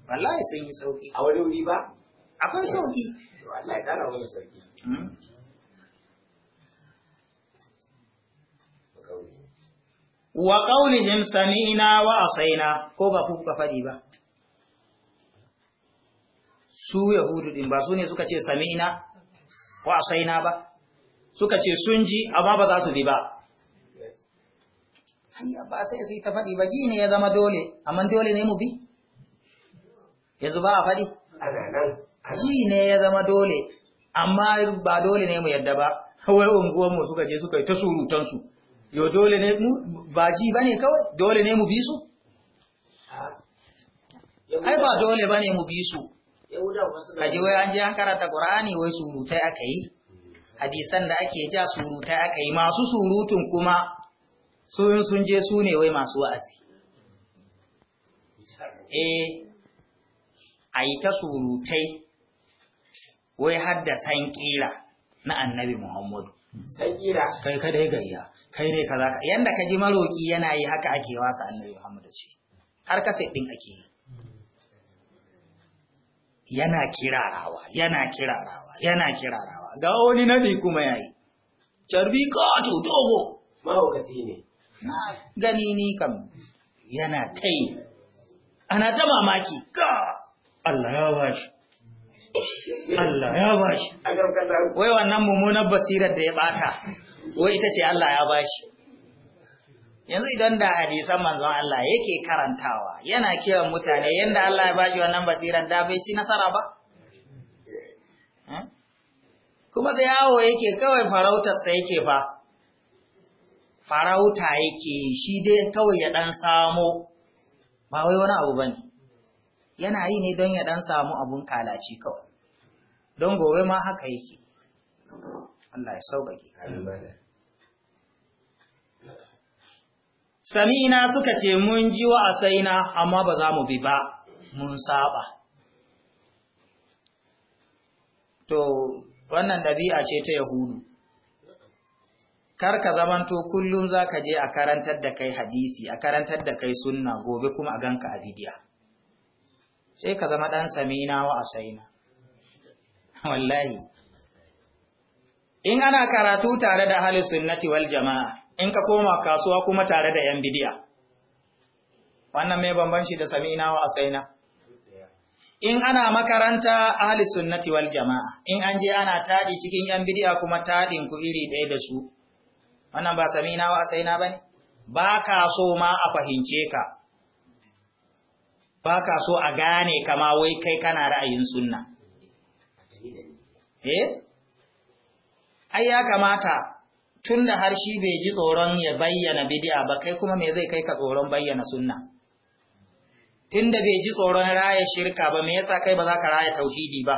wallahi sun yi sauki a wani wuri ba akwai sauki wallahi kana wani sauki hmm? wa qaulihim sami'na wa asaina ko ba ku ka fadi ba su yahudu din ba su ne suka ce sami'na wa asaina ba suka ce sun ji amma ba za su bi ba hayya ba sai su yi ta fadi ba ji ne ya zama dole amma dole ne mu bi yanzu ba a fadi ana nan yi ne ya zama dole amma ba dole ne mu yadda ba wai unguwanmu suka je suka yi ta surutansu yau dole ne mu ba ji ba ne kawai dole ne mu bi su ai ba dole ba ne mu bi su kaji wai an je an karanta ƙorani wai surutai aka yi hadisan da ake ja surutai aka yi masu surutun kuma sun sun je su ne wai masu wa'azi eh a yi ta surutai wai har da san kira na annabi Muhammadu. San kira. Kai ka dai gayya, kai dai kaza ka. Yadda ka ji maroki yana yi haka ake wasa annabi Muhammadu ce, Har sai ɗin ake yi. Yana kirarawa, yana kirarawa, yana kirarawa. Ga wani nabi kuma ya yi. Carbi ka togo. Mahaukaci ne. na gani ni kam yana kai ana ta mamaki ga Allah ya bashi Allah ya bashi wai wannan mummunan basirar da ya bata wai ita ce Allah ya bashi yanzu idan da hadisan manzon Allah yake karantawa yana kiran mutane yadda Allah ya bashi wannan basirar da bai ci nasara ba kuma da yawo yake kawai farautarsa yake fa farauta yake shi dai kawai ya ɗan samo ba wai wani abu ba ne. yana yi ne don ya ɗan samu abun kalaci kawai don gobe ma haka yake Allah ya sauƙaƙe Samina suka ce mun ji wa asaina amma ba za mu bi ba mun saba to wannan ɗabi'a ce ta yahudu kar ka zamanto kullum za ka je a karantar da kai hadisi a karantar da kai sunna gobe kuma a ganka a bidiya sai ka zama ɗan samina wa asaina wallahi in ana karatu tare da halin sunnati wal jama'a in ka koma kasuwa kuma tare da yan bidiya wannan mai bambanci da samina wa asaina in ana makaranta ahli sunnati wal jama'a in an je ana tadi cikin yan bidiya kuma tadin ku iri ɗaya da su wannan ba samina wa asaina bane ba ka so ma a fahince ka ba ka so a gane kama wai kai kana ra'ayin sunna eh ai ya kamata tun da har shi bai ji tsoron ya bayyana bid'a ba kai kuma me zai kai ka tsoron bayyana sunna tun da bai ji tsoron raya shirka ba me yasa kai ba za ka raya tauhidi ba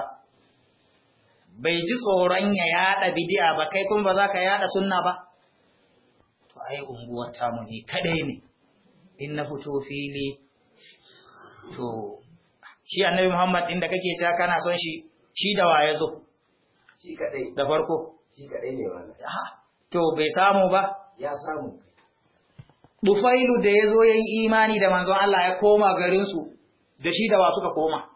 bai ji tsoron ya yada bid'a ba kai kuma ba za ka yada sunna ba to ai unguwar mu ne kadai ne in na fito fili to shi annabi Muhammad din da kake cewa kana son shi shi da waye zo Shi Da farko? Shi To bai samu ba? Ya samu. Dufailu da ya zo ya yi imani da manzon Allah ya koma garinsu da shi da wasu ka koma.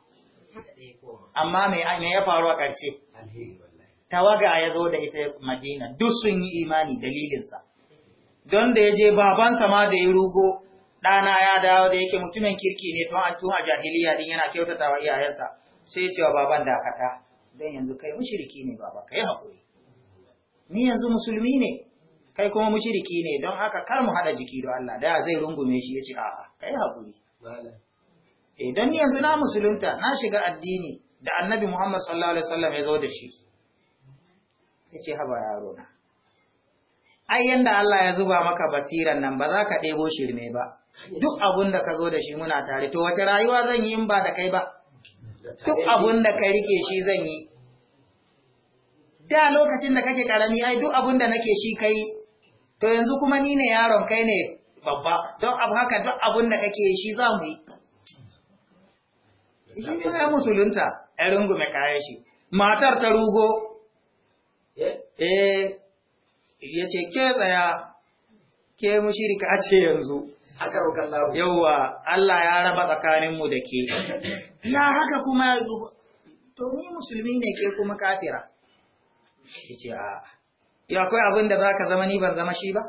Amma me ya faru a ƙarshe? Tawaga ya zo da ita Madina duk sun yi imani dalilinsa. Don da ya je babansa ma da ya rugo ɗana ya dawo da yake mutumin kirki ne tun a jahiliya din yana kyautatawa iyayensa sai ya ce wa baban dakata. dan yanzu kai mushiriki ne baba kai hakuri. ni yanzu musulmi ne kai kuma mushiriki ne don haka kar mu haɗa jiki da Allah da zai rungume shi ya a a'a kai haƙuri idan eh, ni yanzu na musulunta na shiga addini da annabi Muhammad sallallahu alaihi wasallam ya zo da shi ya haba yaro na ai yanda Allah ya zuba maka basiran nan ba za ka ɗebo shirme ba duk abun da ka zo da shi muna tare to wace rayuwa zan yi in ba da kai ba duk abun da ka rike shi zan yi da lokacin da kake karami ai duk abun da nake shi kai to yanzu kuma ni ne yaron kai ne babba don abu haka duk abun da kake shi za mu yi shi ne ya musulunta ya rungume kayan shi matar ta rugo eh, eh ya ce ke tsaya ke mushirika a ce yanzu Yauwa, Allah ya raba tsakaninmu da ke, ya haka kuma to ni musulmi ne ke kuma kafira. Ya ce, a, ya akwai abin da za zama ni ban zama shi ba?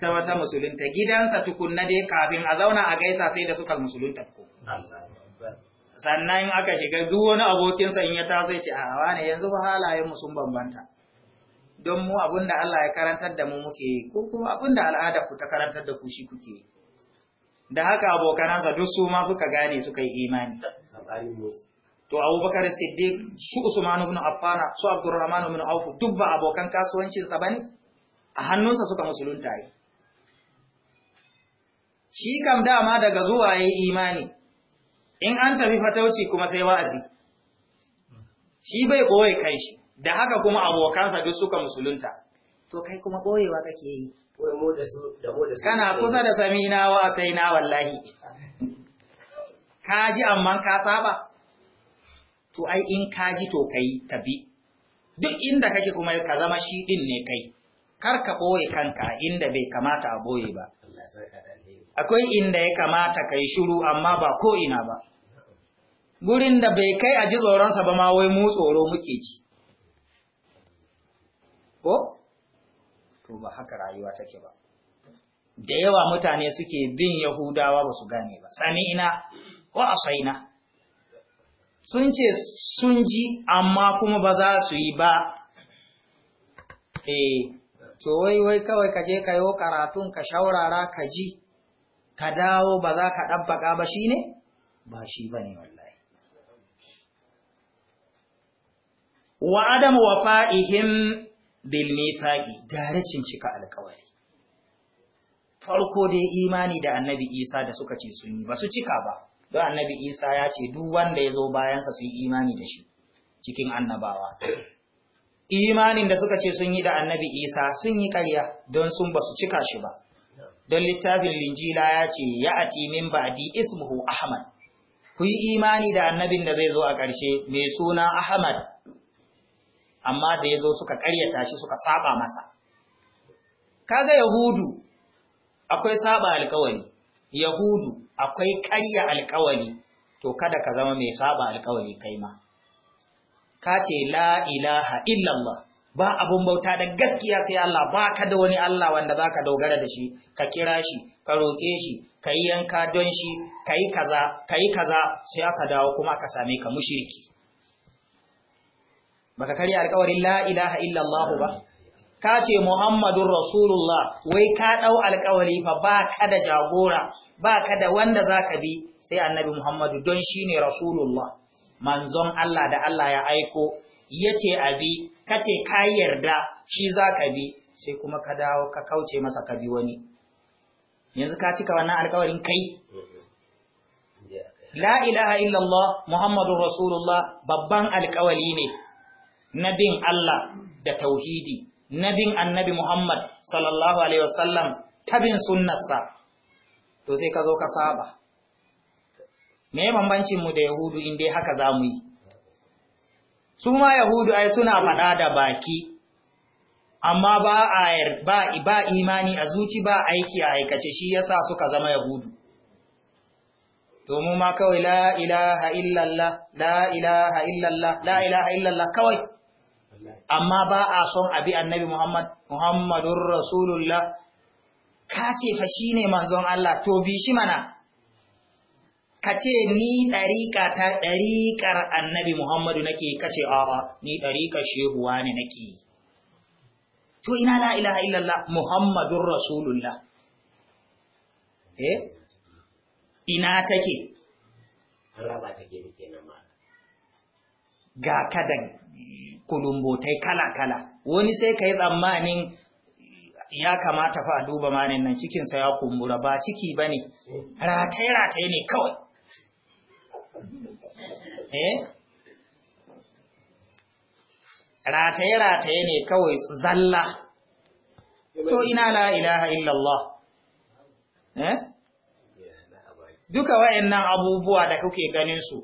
Ta wata musulunta, gidansa tukunna dai kafin a zauna a gaisa sai da suka musulunta ko. Sannan aka shiga duk wani abokinsa in ya taso ya ce, a wane yanzu ba mu sun bambanta. don mu abinda Allah ya karantar da mu muke yi ko kuma abinda al'ada ku ta karantar da ku shi kuke yi da haka abokanansa duk su ma suka gane suka yi imani to abubakar siddiq su usman ibn affan su abdurrahman ibn auf duk ba abokan kasuwancin sa bane a hannunsa suka musulunta yi shi kam dama daga zuwa yi imani in an tafi fatauci kuma sai wa'azi shi bai koyi shi da haka kuma abokansa duk suka musulunta to kai kuma boyewa kake yi kana kusa da samina wa asaina wallahi kaji amma ka saba to ai in kaji to kai tabi duk inda kake kuma ka zama shi din ne kai kar ka boye kanka inda bai kamata a boye ba akwai inda ya kamata kai shiru amma ba ko ina ba gurin da bai kai a ji tsoronsa ba ma wai mu tsoro muke ci ko to ba haka rayuwa take ba da yawa mutane suke bin yahudawa ba su gane ba sami ina ko asaina sun ce sun ji amma kuma ba za su yi ba eh to wai wai kawai ka je ka yi karatun ka shaurara ka ji ka dawo ba za ka ɗabbaƙa ba shi ne ba shi ba ne wallahi wa adam wa fa'ihim bil mithaqi gare cika alƙawari farko dai imani da annabi Isa da suka ce sun yi ba su cika ba don annabi Isa ya ce duk wanda ya zo bayansa su yi imani da shi cikin annabawa imanin da suka ce sun yi da annabi Isa sun yi ƙarya don sun ba su cika shi ba don littafin linjila ya ce ya ati min ba'di ismuhu ahmad ku yi imani da annabin da zai zo a ƙarshe mai suna ahmad amma da ya zo suka karyata shi suka saba masa kaga yahudu akwai saba alkawari yahudu akwai karya alkawari to kada ka zama mai saba alkawari kai ma ka ce la ilaha illallah ba abun bauta da gaskiya sai Allah ba ka da wani Allah wanda za ka dogara da shi ka kira shi ka roƙe shi ka yi yanka don shi ka yi kaza ka yi kaza sai aka dawo kuma aka same ka mushiriki baka karya alƙawarin la'ilaha illallahu ba ka ce muhammadun rasulullah wai ka ɗau alƙawari fa ba ka da jagora ba ka da wanda za ka bi sai annabi muhammadu don shi ne rasulullah manzon Allah da Allah ya aiko ya ce abi ka ce ka yarda shi za ka bi sai kuma ka dawo ka kauce masa ka bi wani yanzu ka cika wannan alƙawarin kai La ilaha illallah Muhammadun Rasulullah babban alkawali ne, na bin Allah da tauhidi na bin annabi Muhammad sallallahu alaihi wasallam tabin sunnarsa to sai ka zo ka saba me bambancin mu da yahudu inda dai haka zamu yi su ma yahudu ai suna faɗa da baki amma ba ba imani a zuci ba aiki a aikace shi yasa suka zama yahudu to ma kawai la ilaha illallah la ilaha illallah la ilaha illallah kawai amma ba a son abi annabi Muhammad Muhammadur Rasulullah ka ce fa shine manzon Allah to bi shi mana ka ce ni ɗariƙa ta ɗariƙar annabi Muhammadu nake ka ce a'a ni ɗariƙar shehuwa ne nake yi. To ina la ilaha illallah Muhammadur Rasulullah. Eh? Ina take? Raba take ma. Ga kadan kulumbotai kala-kala wani sai ka yi tsammanin ya kamata fa a duba manin nan cikinsa ya kumbura ba ciki ba ne rataye-rataye ne kawai eh? ratai-ratai ne kawai zalla to ina la ilaha illallah eh? Duka duka nan abubuwa da kuke ganin su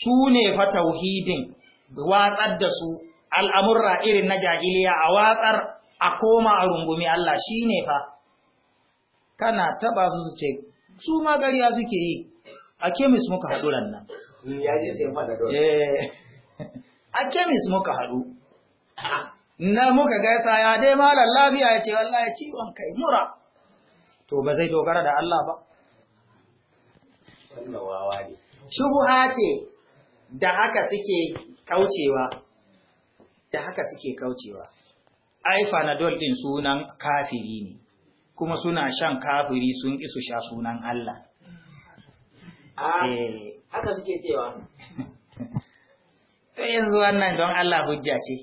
su ne fa tauhidin watsar da su al'amurra irin na jahiliya a watsar a koma a rungumi Allah shi ne fa, kana taɓa su ce, su ma gariya suke yi, a kemis muka haɗu ran nan. Mm, eh. A kemis muka haɗu. Na muka gaisa ya dai malar lafiya ya ce, wallahi ciwon kai mura, to ba zai dogara da Allah ba. Shubuha ce da haka suke kaucewa. da haka suke kaucewa ai fanadol din sunan kafiri ne kuma suna shan kafiri sun ki su sha sunan Allah ah, eh. haka suke cewa to yanzu wannan don Allah hujja ce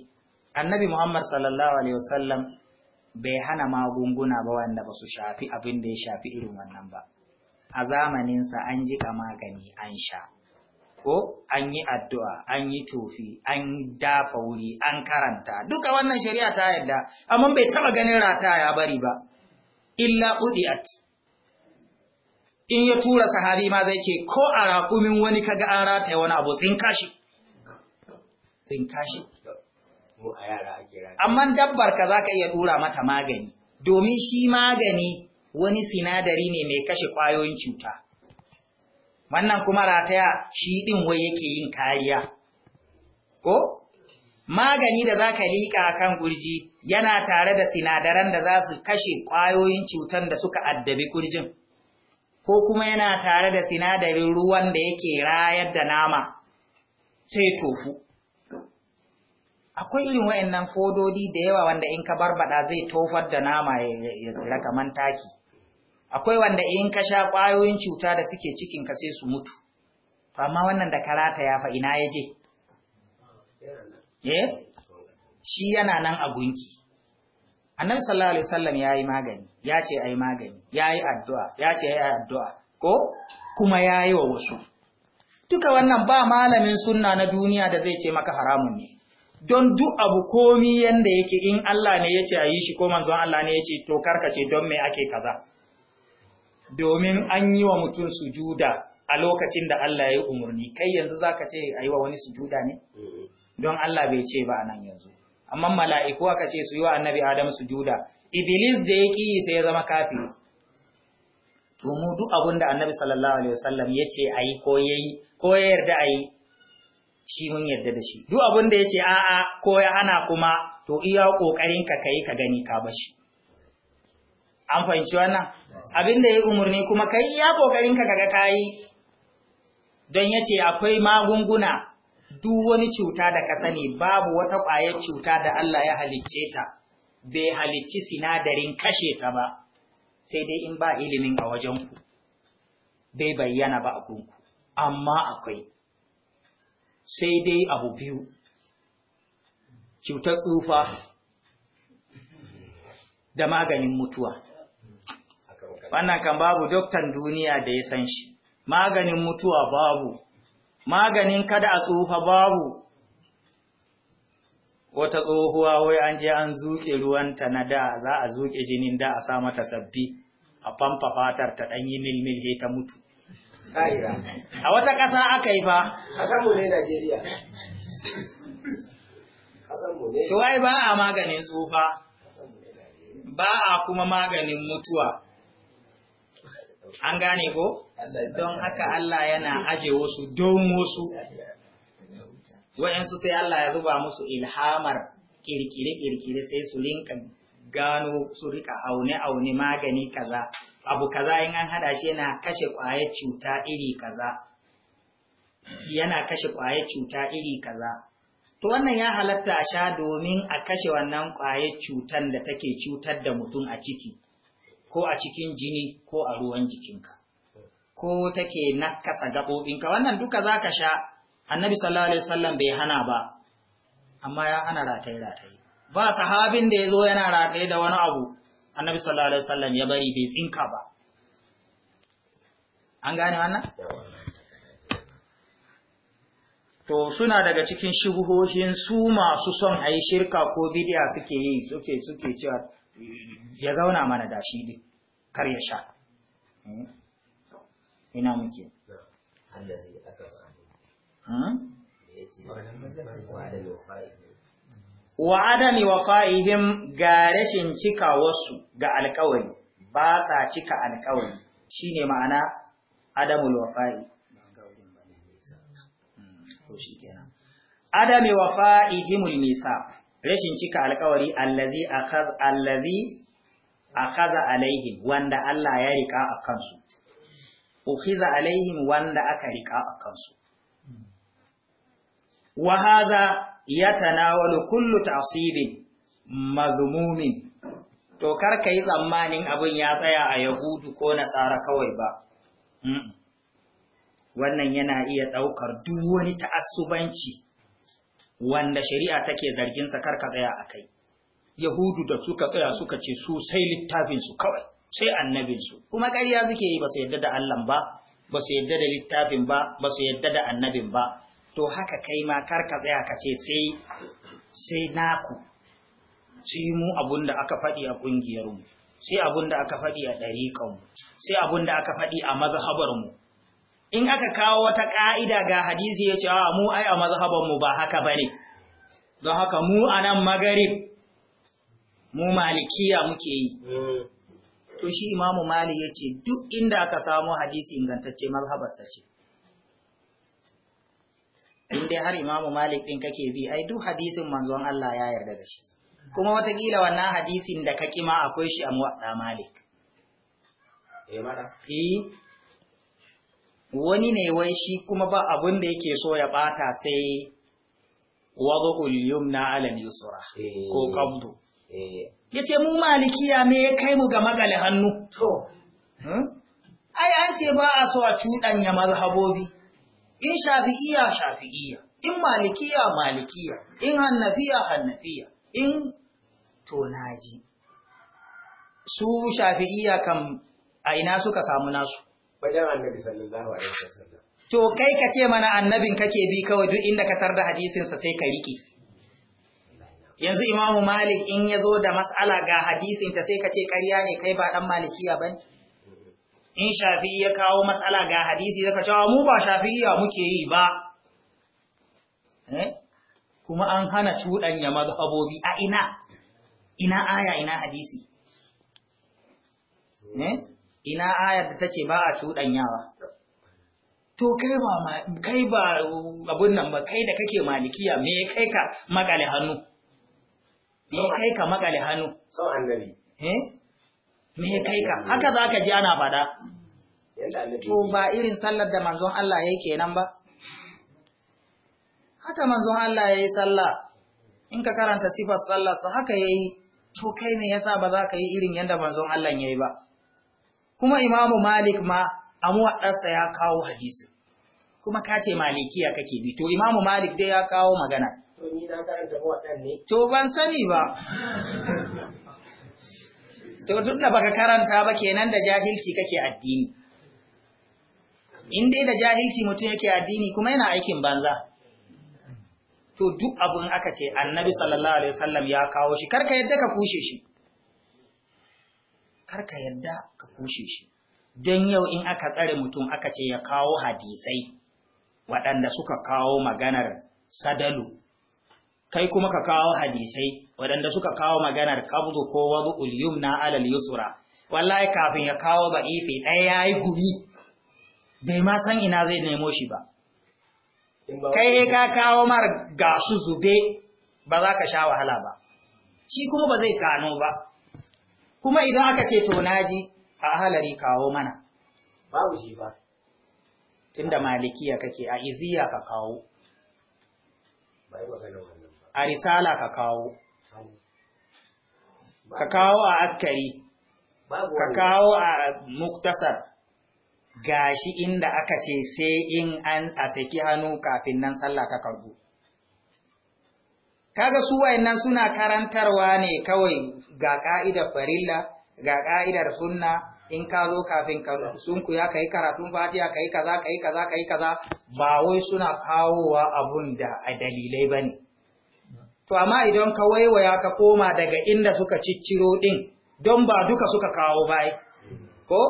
annabi Muhammad sallallahu alaihi wasallam bai hana magunguna ba wanda ba su shafi abin da ya shafi irin wannan ba a zamaninsa an jika magani an sha ko an yi addu'a an yi tofi an dafa wuri an karanta duka wannan shari'a ta yadda amma bai taba ganin rata ya bari ba illa udiat in ya tura sahabi ma zai ce ko a raƙumin wani kaga an rataye wani abu tsinkashi kashi. amma dabbar ka zaka iya tura mata magani domin shi magani wani sinadari ne mai kashe ƙwayoyin cuta wannan kuma rataya shi ɗin wai yake yin kariya ko magani da za ka liƙa kan gurji yana tare da sinadaran da za su kashe ƙwayoyin cutar da suka addabi kurjin ko kuma yana tare da sinadarin ruwan da yake rayar da nama sai tofu akwai irin wa'annan fododi da yawa wanda in ka barbada zai tofar da nama ya kamar taki akwai wanda in ka sha ƙwayoyin cuta da suke cikin ka sai su mutu amma wannan da karata ya fa ina ya je eh shi yana nan a gunki annabi sallallahu alaihi wasallam yayi magani ya ce ai magani yayi addu'a ya ce ai addu'a ko kuma yayi wa wasu duka wannan ba malamin sunna na duniya da zai ce maka haramun ne don duk abu komi yanda yake in Allah ne yace ayi shi ko manzon Allah ne yace to karkace don me ake kaza domin an yi wa mutum sujuda a lokacin da Allah ya yi umarni kai yanzu za ka ce a yi wa wani sujuda ne don Allah bai ce ba nan yanzu amma mala'iku aka ce su yi wa annabi adam sujuda iblis da ya ƙi sai ya zama kafi Tumu duk abin da annabi sallallahu alaihi wasallam ya ce a yi ya yarda a yi shi mun yarda da shi duk abin da ya ce a'a ko ya hana kuma to iya ƙoƙarin ka kai ka gani ka bashi an fahimci wannan Abin da ya yi umarni kuma kai ya kokarin ka kaga kayi don yace akwai magunguna duk wani cuta da ka sani babu wata ƙwayar cuta da Allah ya halicce ta bai halicci sinadarin kashe ta ba sai dai in ba ilimin a wajen ku bai bayyana ba a kunku amma akwai sai dai abu biyu cutar tsufa da maganin mutuwa wannan kan babu doktan duniya da ya san shi maganin mutuwa babu maganin kada a tsufa babu wata tsohuwa wai an je an zuke ruwanta na da za a zuke jinin da a sa mata sabbi a famfa fatar ta ɗanyi milmil he ta mutu a wata ƙasa aka yi fa Tuwai najeriya ba a maganin tsufa ba a kuma maganin mutuwa an gane ko don haka Allah yana aje wasu don wasu wa'yansu sai Allah ya zuba musu ilhamar kirkire-kirkire sai su rinka gano su rika aune-aune magani kaza abu kaza in an hada shi yana kashe ƙwayar cuta iri kaza yana kashe kwaye cuta iri kaza to wannan ya halatta a sha domin a kashe wannan ƙwayar cutan da take cutar da mutum a ciki ko a cikin jini ko a ruwan jikinka ko take nakasa gaɓoɓinka wannan duka za ka sha annabi sallallahu alaihi wasallam bai hana ba amma ya hana rataye rataye ba sahabin da ya zo yana rataye da wani abu annabi sallallahu alaihi wasallam ya bari bai tsinka ba an gane wannan to suna daga cikin shubuhohin su masu son ayi shirka ko bid'a suke yi suke suke cewa ya zauna mana da shi ne kar ya sha eh? ina muke hmm? wa adami wafa'ihim ga rashin cika wasu ga alkawari ba sa cika alkawari shine ma'ana Adamu wafa'i hmm, adami wafa'ihimul misaq rashin cika alkawari allazi allazi akaza alaihim wanda Allah ya rika a kansu ukhiza alaihim wanda aka rika a kansu wa hadha yatanawalu kullu ta'sibin madhmumin to kar ka tsammanin abin ya tsaya a yahudu ko nasara kawai ba wannan yana iya ɗaukar duk wani ta'assubanci wanda shari'a take zarginsa kar ka tsaya a kai yahudu da suka tsaya suka ce su sai littafinsu kawai sai annabinsu kuma ƙarya suke yi ba su yadda da allah ba ba su yadda da littafin ba ba su yadda da annabin ba to haka kai ma kar ka tsaya ka ce sai sai naku sai mu abun da aka faɗi a ƙungiyarmu sai abun da aka faɗi a ɗariƙanmu sai abun da aka faɗi a mazhabarmu in aka kawo wata ƙa'ida ga hadisi ya ce a ah, mu ai a mazhabanmu ba haka ba ne don haka mu a nan magarib mu malikiya muke yi hmm. to shi imamu mali ya ce duk inda aka samu hadisi ingantacce mazhabarsa ce inda har imamu malik ɗin kake bi ai duk hadisin manzon Allah ya yarda da shi kuma watakila wannan hadisin da ka kima akwai shi a muwaɗa malik Eh, wani ne wai shi kuma ba abin da yake so ya bata sai wadul yumna ala yusra ko eh. qabdu eh. yace mu malikiya me ya kai mu ga magale hannu to hmm? ai an ce ba a so a ya mazhabobi in shafi'iya shafi'iya in malikiya malikiya in hannafiya hannafiya in to naji su shafi'iya kam a ina suka samu nasu wajen annabi sallallahu alaihi wasallam to kai ka ce mana annabin kake bi kawai duk inda ka tarda hadisin sa sai ka rike yanzu imamu malik in ya zo da mas'ala ga hadisin ta sai ka ce ƙarya ne kai ba dan malikiya bane in shafi'i ya kawo mas'ala ga hadisi zaka cewa mu ba shafi'iya muke yi ba eh? kuma an hana cuɗanya mazhabobi a ina ina aya ina hadisi eh? ina ayar da ta ce ba a cuɗanyawa to kai ba kai ba abun nan ba kai da kake malikiya me kai ka makale hannu me kai ka makale hannu son annabi eh me kai ka haka zaka ji ana fada to ba irin sallar da manzon Allah yayi kenan ba haka manzon Allah yayi sallah in ka karanta sifar sallah, sa haka yayi to kai me yasa ba za ka yi irin yanda manzon Allah yayi ba kuma imamu malik ma a muwaɗarsa ya kawo hadisi kuma ka ce malikiya kake bi to imamu malik dai ya kawo magana to ban sani ba to tun da baka karanta ba kenan da jahilci kake addini in dai da jahilci mutum yake addini kuma yana aikin banza to duk abun aka ce annabi sallallahu alaihi wasallam ya kawo shi karka yadda ka kushe shi kar ka yadda ka kushe shi don yau in aka tsare mutum aka ce ya kawo hadisai waɗanda suka kawo maganar sadalu kai kuma ka kawo hadisai waɗanda suka kawo maganar kabdu ko wadu ulyum na alal yusra wallahi kafin ya kawo ife ɗaya ya yi gumi bai ma san ina zai nemo shi ba kai ka kawo mar gasu zube ba za ka sha wahala ba shi kuma ba zai kano ba kuma idan aka ce to naji a ahalari kawo mana babu shi ba tunda malikiya kake a iziya ka kawo a risala ka kawo ka kawo a askari ka kawo a muktasar gashi inda aka ce sai in an a saki hannu kafin nan sallah ta karbu kaga su wayannan suna karantarwa ne kawai ga ka'idar farilla ga ka'idar sunna in ka zo kafin ka sunku ya kai karatun fatiha kai kaza kai kaza kai kaza ba wai suna kawowa abun da a dalilai bane to amma idan ka waiwaya ka koma daga inda suka cicciro din don ba duka suka kawo bai ko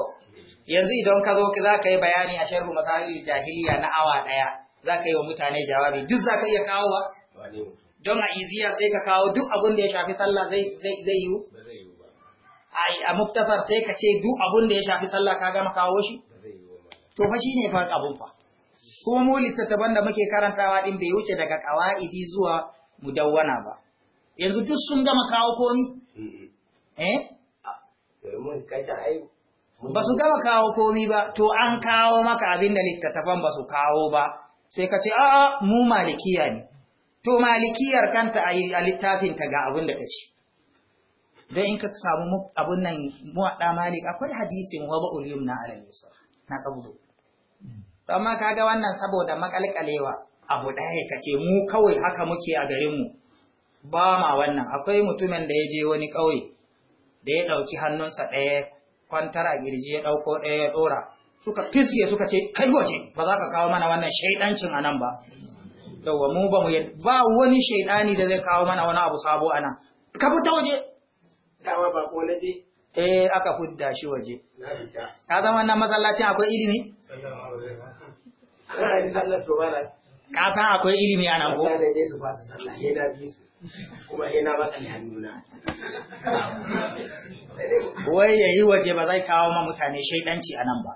yanzu idan ka zo za ka yi bayani a sharhu masalil jahiliya na awa daya za ka yi wa mutane jawabi duk za ka iya kawowa don a iziya sai ka kawo duk abin da ya shafi sallah zai yiwu a muktasar sai ka ce duk abin da ya shafi sallah ka gama kawo shi to fa shine fa abun fa kuma mu littattafan da muke karantawa din bai wuce daga qawaidi zuwa mudawwana ba yanzu duk sun gama kawo komi eh ba su gama kawo komi ba to an kawo maka abin da littattafan ba su kawo ba sai ka ce a'a mu malikiya ne to malikiyar kanta a yi a ta ga abin da ta ce don in ka samu abin nan muwaɗa malik akwai hadisin wa ba'ul na ala yusuf na kabdu amma ga wannan saboda makalkalewa abu ɗaya ka ce mu kawai haka muke a garinmu ba ma wannan akwai mutumin da ya je wani ƙauye da ya ɗauki hannunsa ɗaya kwantar a girji ya ɗauko ɗaya ya ɗora suka fiske suka ce kai waje ba za ka kawo mana wannan shaidancin a nan ba yawa mu ba mu ba wani shaidani da zai kawo mana wani abu sabo ana ka fita waje dawa ba ko laje eh aka fudda shi waje ka zama nan masallacin akwai ilimi ka san akwai ilimi ana ko wai yayi waje ba zai kawo ma mutane shaidanci anan ba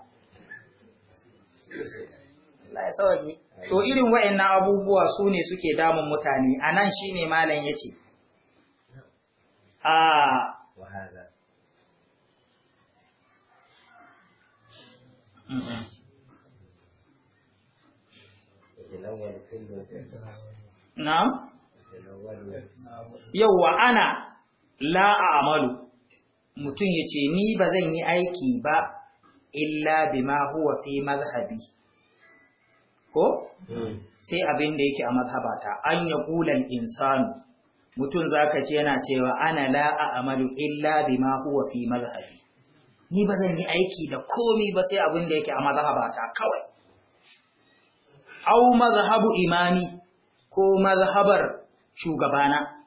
Allah ya sauke To irin na abubuwa su ne suke damun mutane, a nan shi ne malam ya ce, A Na'am? Yauwa ana la'a amalu, mutum ya ce, Ni ba zan yi aiki ba, illa ma huwa fi mazhabi. ko hmm. sai abin da yake a mazhabata an ya kulan insanu mutum zaka ce yana cewa ana la a amalu illa bima huwa fi mazhabi ni ba zan yi aiki da komi ba sai abin da yake a mazhabata kawai au mazhabu imami ko mazhabar shugabana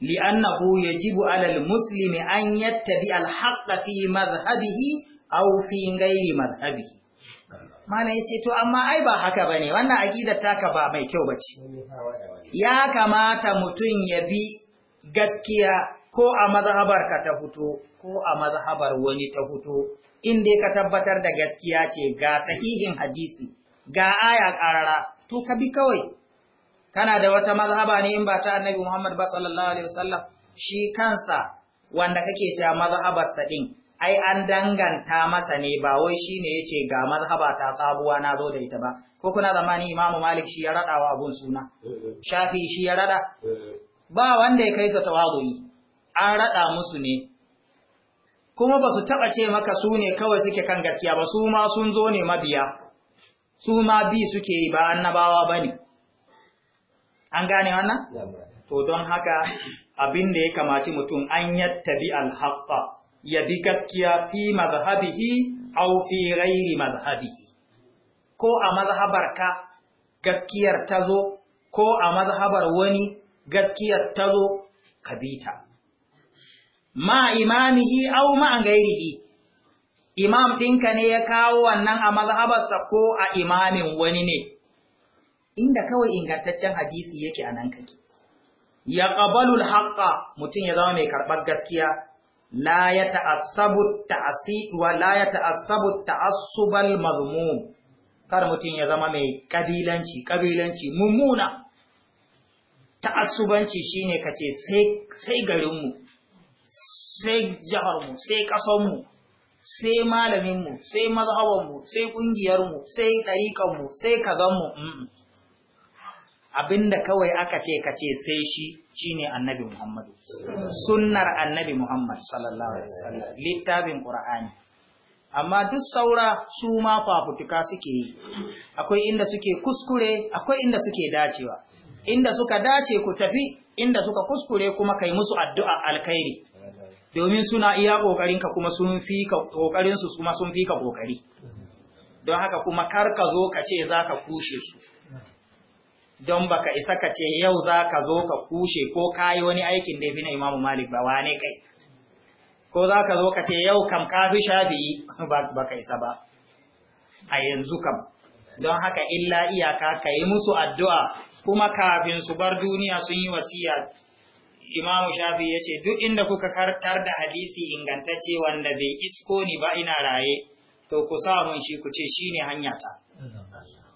li'annahu yajibu alal muslimi an yattabi al haqqa fi mazhabihi aw fi ghairi mazhabihi Mana ya ce, To, amma ai ba haka ba ne, wannan aƙidar taka ba mai kyau ba ce. Ya kamata mutum ya bi gaskiya ko a mazhabar ka ta fito, ko a mazhabar wani ta fito, inda ka tabbatar da gaskiya ce ga sahihin hadisi, ga aya ƙarara, to ka bi kawai. Kana da wata mazhaba ne in ba ta annabi Muhammad ba sallallahu Alaihi wasallam shi kansa wanda kake ta mazhabarsa ɗin. ai an danganta masa ne ba wai shine ce ga mazhaba ta sabuwa na zo da ita ba ko kuna zamani imamu malik shi ya raɗa wa abun suna shafi shi ya raɗa? ba wanda ya kai sa tawazuyi an raɗa musu ne kuma ba su taɓa ce maka su ne kawai suke kan gaskiya ba su ma sun zo ne mabiya su ma bi suke yi ba annabawa ba ne. an gane wannan to don haka abin da ya kamaci mutum an yattabi al-haqqa ya bi gaskiya fi mazhabihi aw fi ghairi mazhabihi ko a mazhabar ka gaskiyar tazo ko a mazhabar wani gaskiyar tazo kabita ma imamihi aw ma ghairihi imam ɗinka ne ya kawo wannan a mazhabarsa ko a imamin wani ne inda kawai ingantaccen hadisi yake a nan kake ya ƙabalul haƙƙa mutum ya zama mai karɓar gaskiya la ya ta'assabu ta'asi la ya ta'assubal mazmum kar mutum ya zama mai kabilanci kabilanci mummuna ta'assubanci shine kace sai sai garin sai jiharmu, mu sai kasar mu sai malaminmu, sai mazhaban sai kungiyar mu sai dariƙan sai kazan abinda kawai aka ce ka ce sai shi shine annabi Muhammadu sunnar annabi Muhammad sallallahu alaihi wasallam littafin qur'ani amma duk saura su ma fafutuka suke yi akwai inda suke kuskure akwai inda suke dacewa inda suka dace ku tafi inda suka kuskure kuma kai musu addu'a alkhairi domin suna iya ka kuma sun fi ka kokarin su kuma sun fi ka kokari don haka kuma kar ka zo ka ce ka kushe su don baka isa ka ce yau za ka zo ka kushe ko ka yi wani aikin da fi na imamu malik ba wane kai ko za ka zo ka ce yau kam ka kafi shafi'i ka isa ba a yanzu kam don haka illa iyaka ka yi musu addu'a kuma kafin su bar duniya sun yi wasiya imamu shafi ya ce duk inda kuka kartar da hadisi ingantacce wanda bai isko ni ba ina raye to ku sa mun shi ku ce shi ne hanyata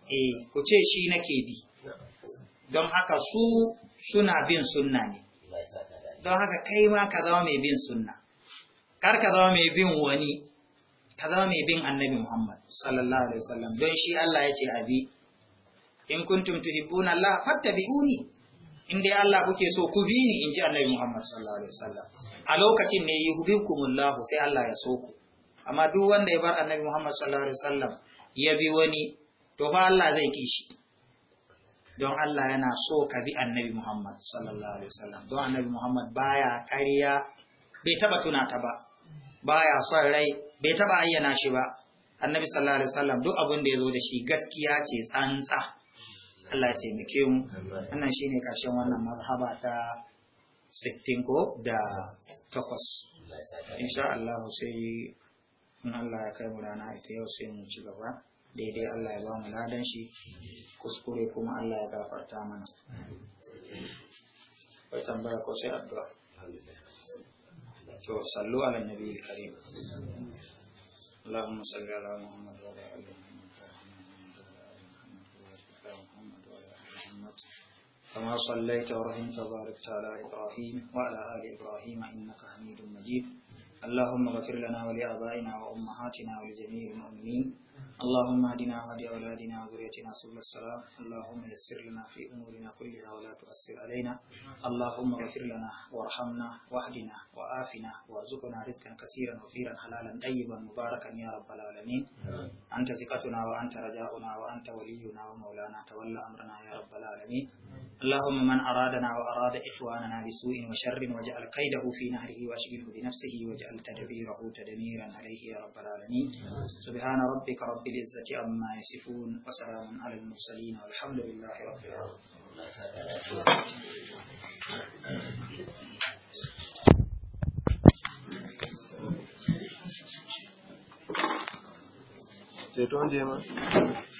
eh ku ce shi nake bi don haka su suna bin sunna ne don haka kai ma ka zama mai bin sunna kar ka zama mai bin wani ka zama mai bin annabi Muhammad sallallahu alaihi wasallam don shi Allah ya ce abi in kuntum tuhibbuna Allah fattabi'uni in dai Allah kuke so ku bi ni in ji annabi Muhammad sallallahu alaihi wasallam a lokacin ne yuhibbukumullahu sai Allah ya so ku amma duk wanda ya bar annabi Muhammad sallallahu alaihi wasallam ya bi wani to fa Allah zai kishi don Allah yana so ka bi annabi Muhammad sallallahu alaihi wasallam don annabi Muhammad baya karya, bai taba tuna ta ba baya son rai bai taba ayyana shi ba annabi sallallahu alaihi wasallam duk abin da ya zo da shi gaskiya ce tsantsa Allah ya taimake mu wannan shine karshen wannan mazhaba ta 60 ko da takwas insha Allah sai in Allah ya kai mu rana ita yau sai mu ci gaba daidai Allah ya ba mu ladan shi kuskure kuma Allah ya gafarta mana bai tambaya ko sai addu'a to sallu ala nabi karim اللهم صل على محمد وعلى ال محمد وعلى ال محمد كما صليت ورحمت وباركت على ابراهيم وعلى ال ابراهيم انك حميد مجيد اللهم اغفر لنا ولابائنا وامهاتنا ولجميع المؤمنين اللهم اهدنا وهدي اولادنا وذريتنا سبل السلام اللهم يسر لنا في امورنا كلها ولا تؤثر علينا اللهم اغفر لنا وارحمنا واهدنا وعافنا وارزقنا رزقا كثيرا وفيرا حلالا طيبا مباركا يا رب العالمين انت ثقتنا وانت رجاؤنا وانت ولينا ومولانا تولى امرنا يا رب العالمين اللهم من أرادنا وأراد إخواننا بسوء وشر وجعل قيده في نهره واشغله بنفسه وجعل تدبيره تدميرا عليه يا رب العالمين سبحان ربك رب العزة عما يصفون وسلام على المرسلين والحمد لله رب العالمين They don't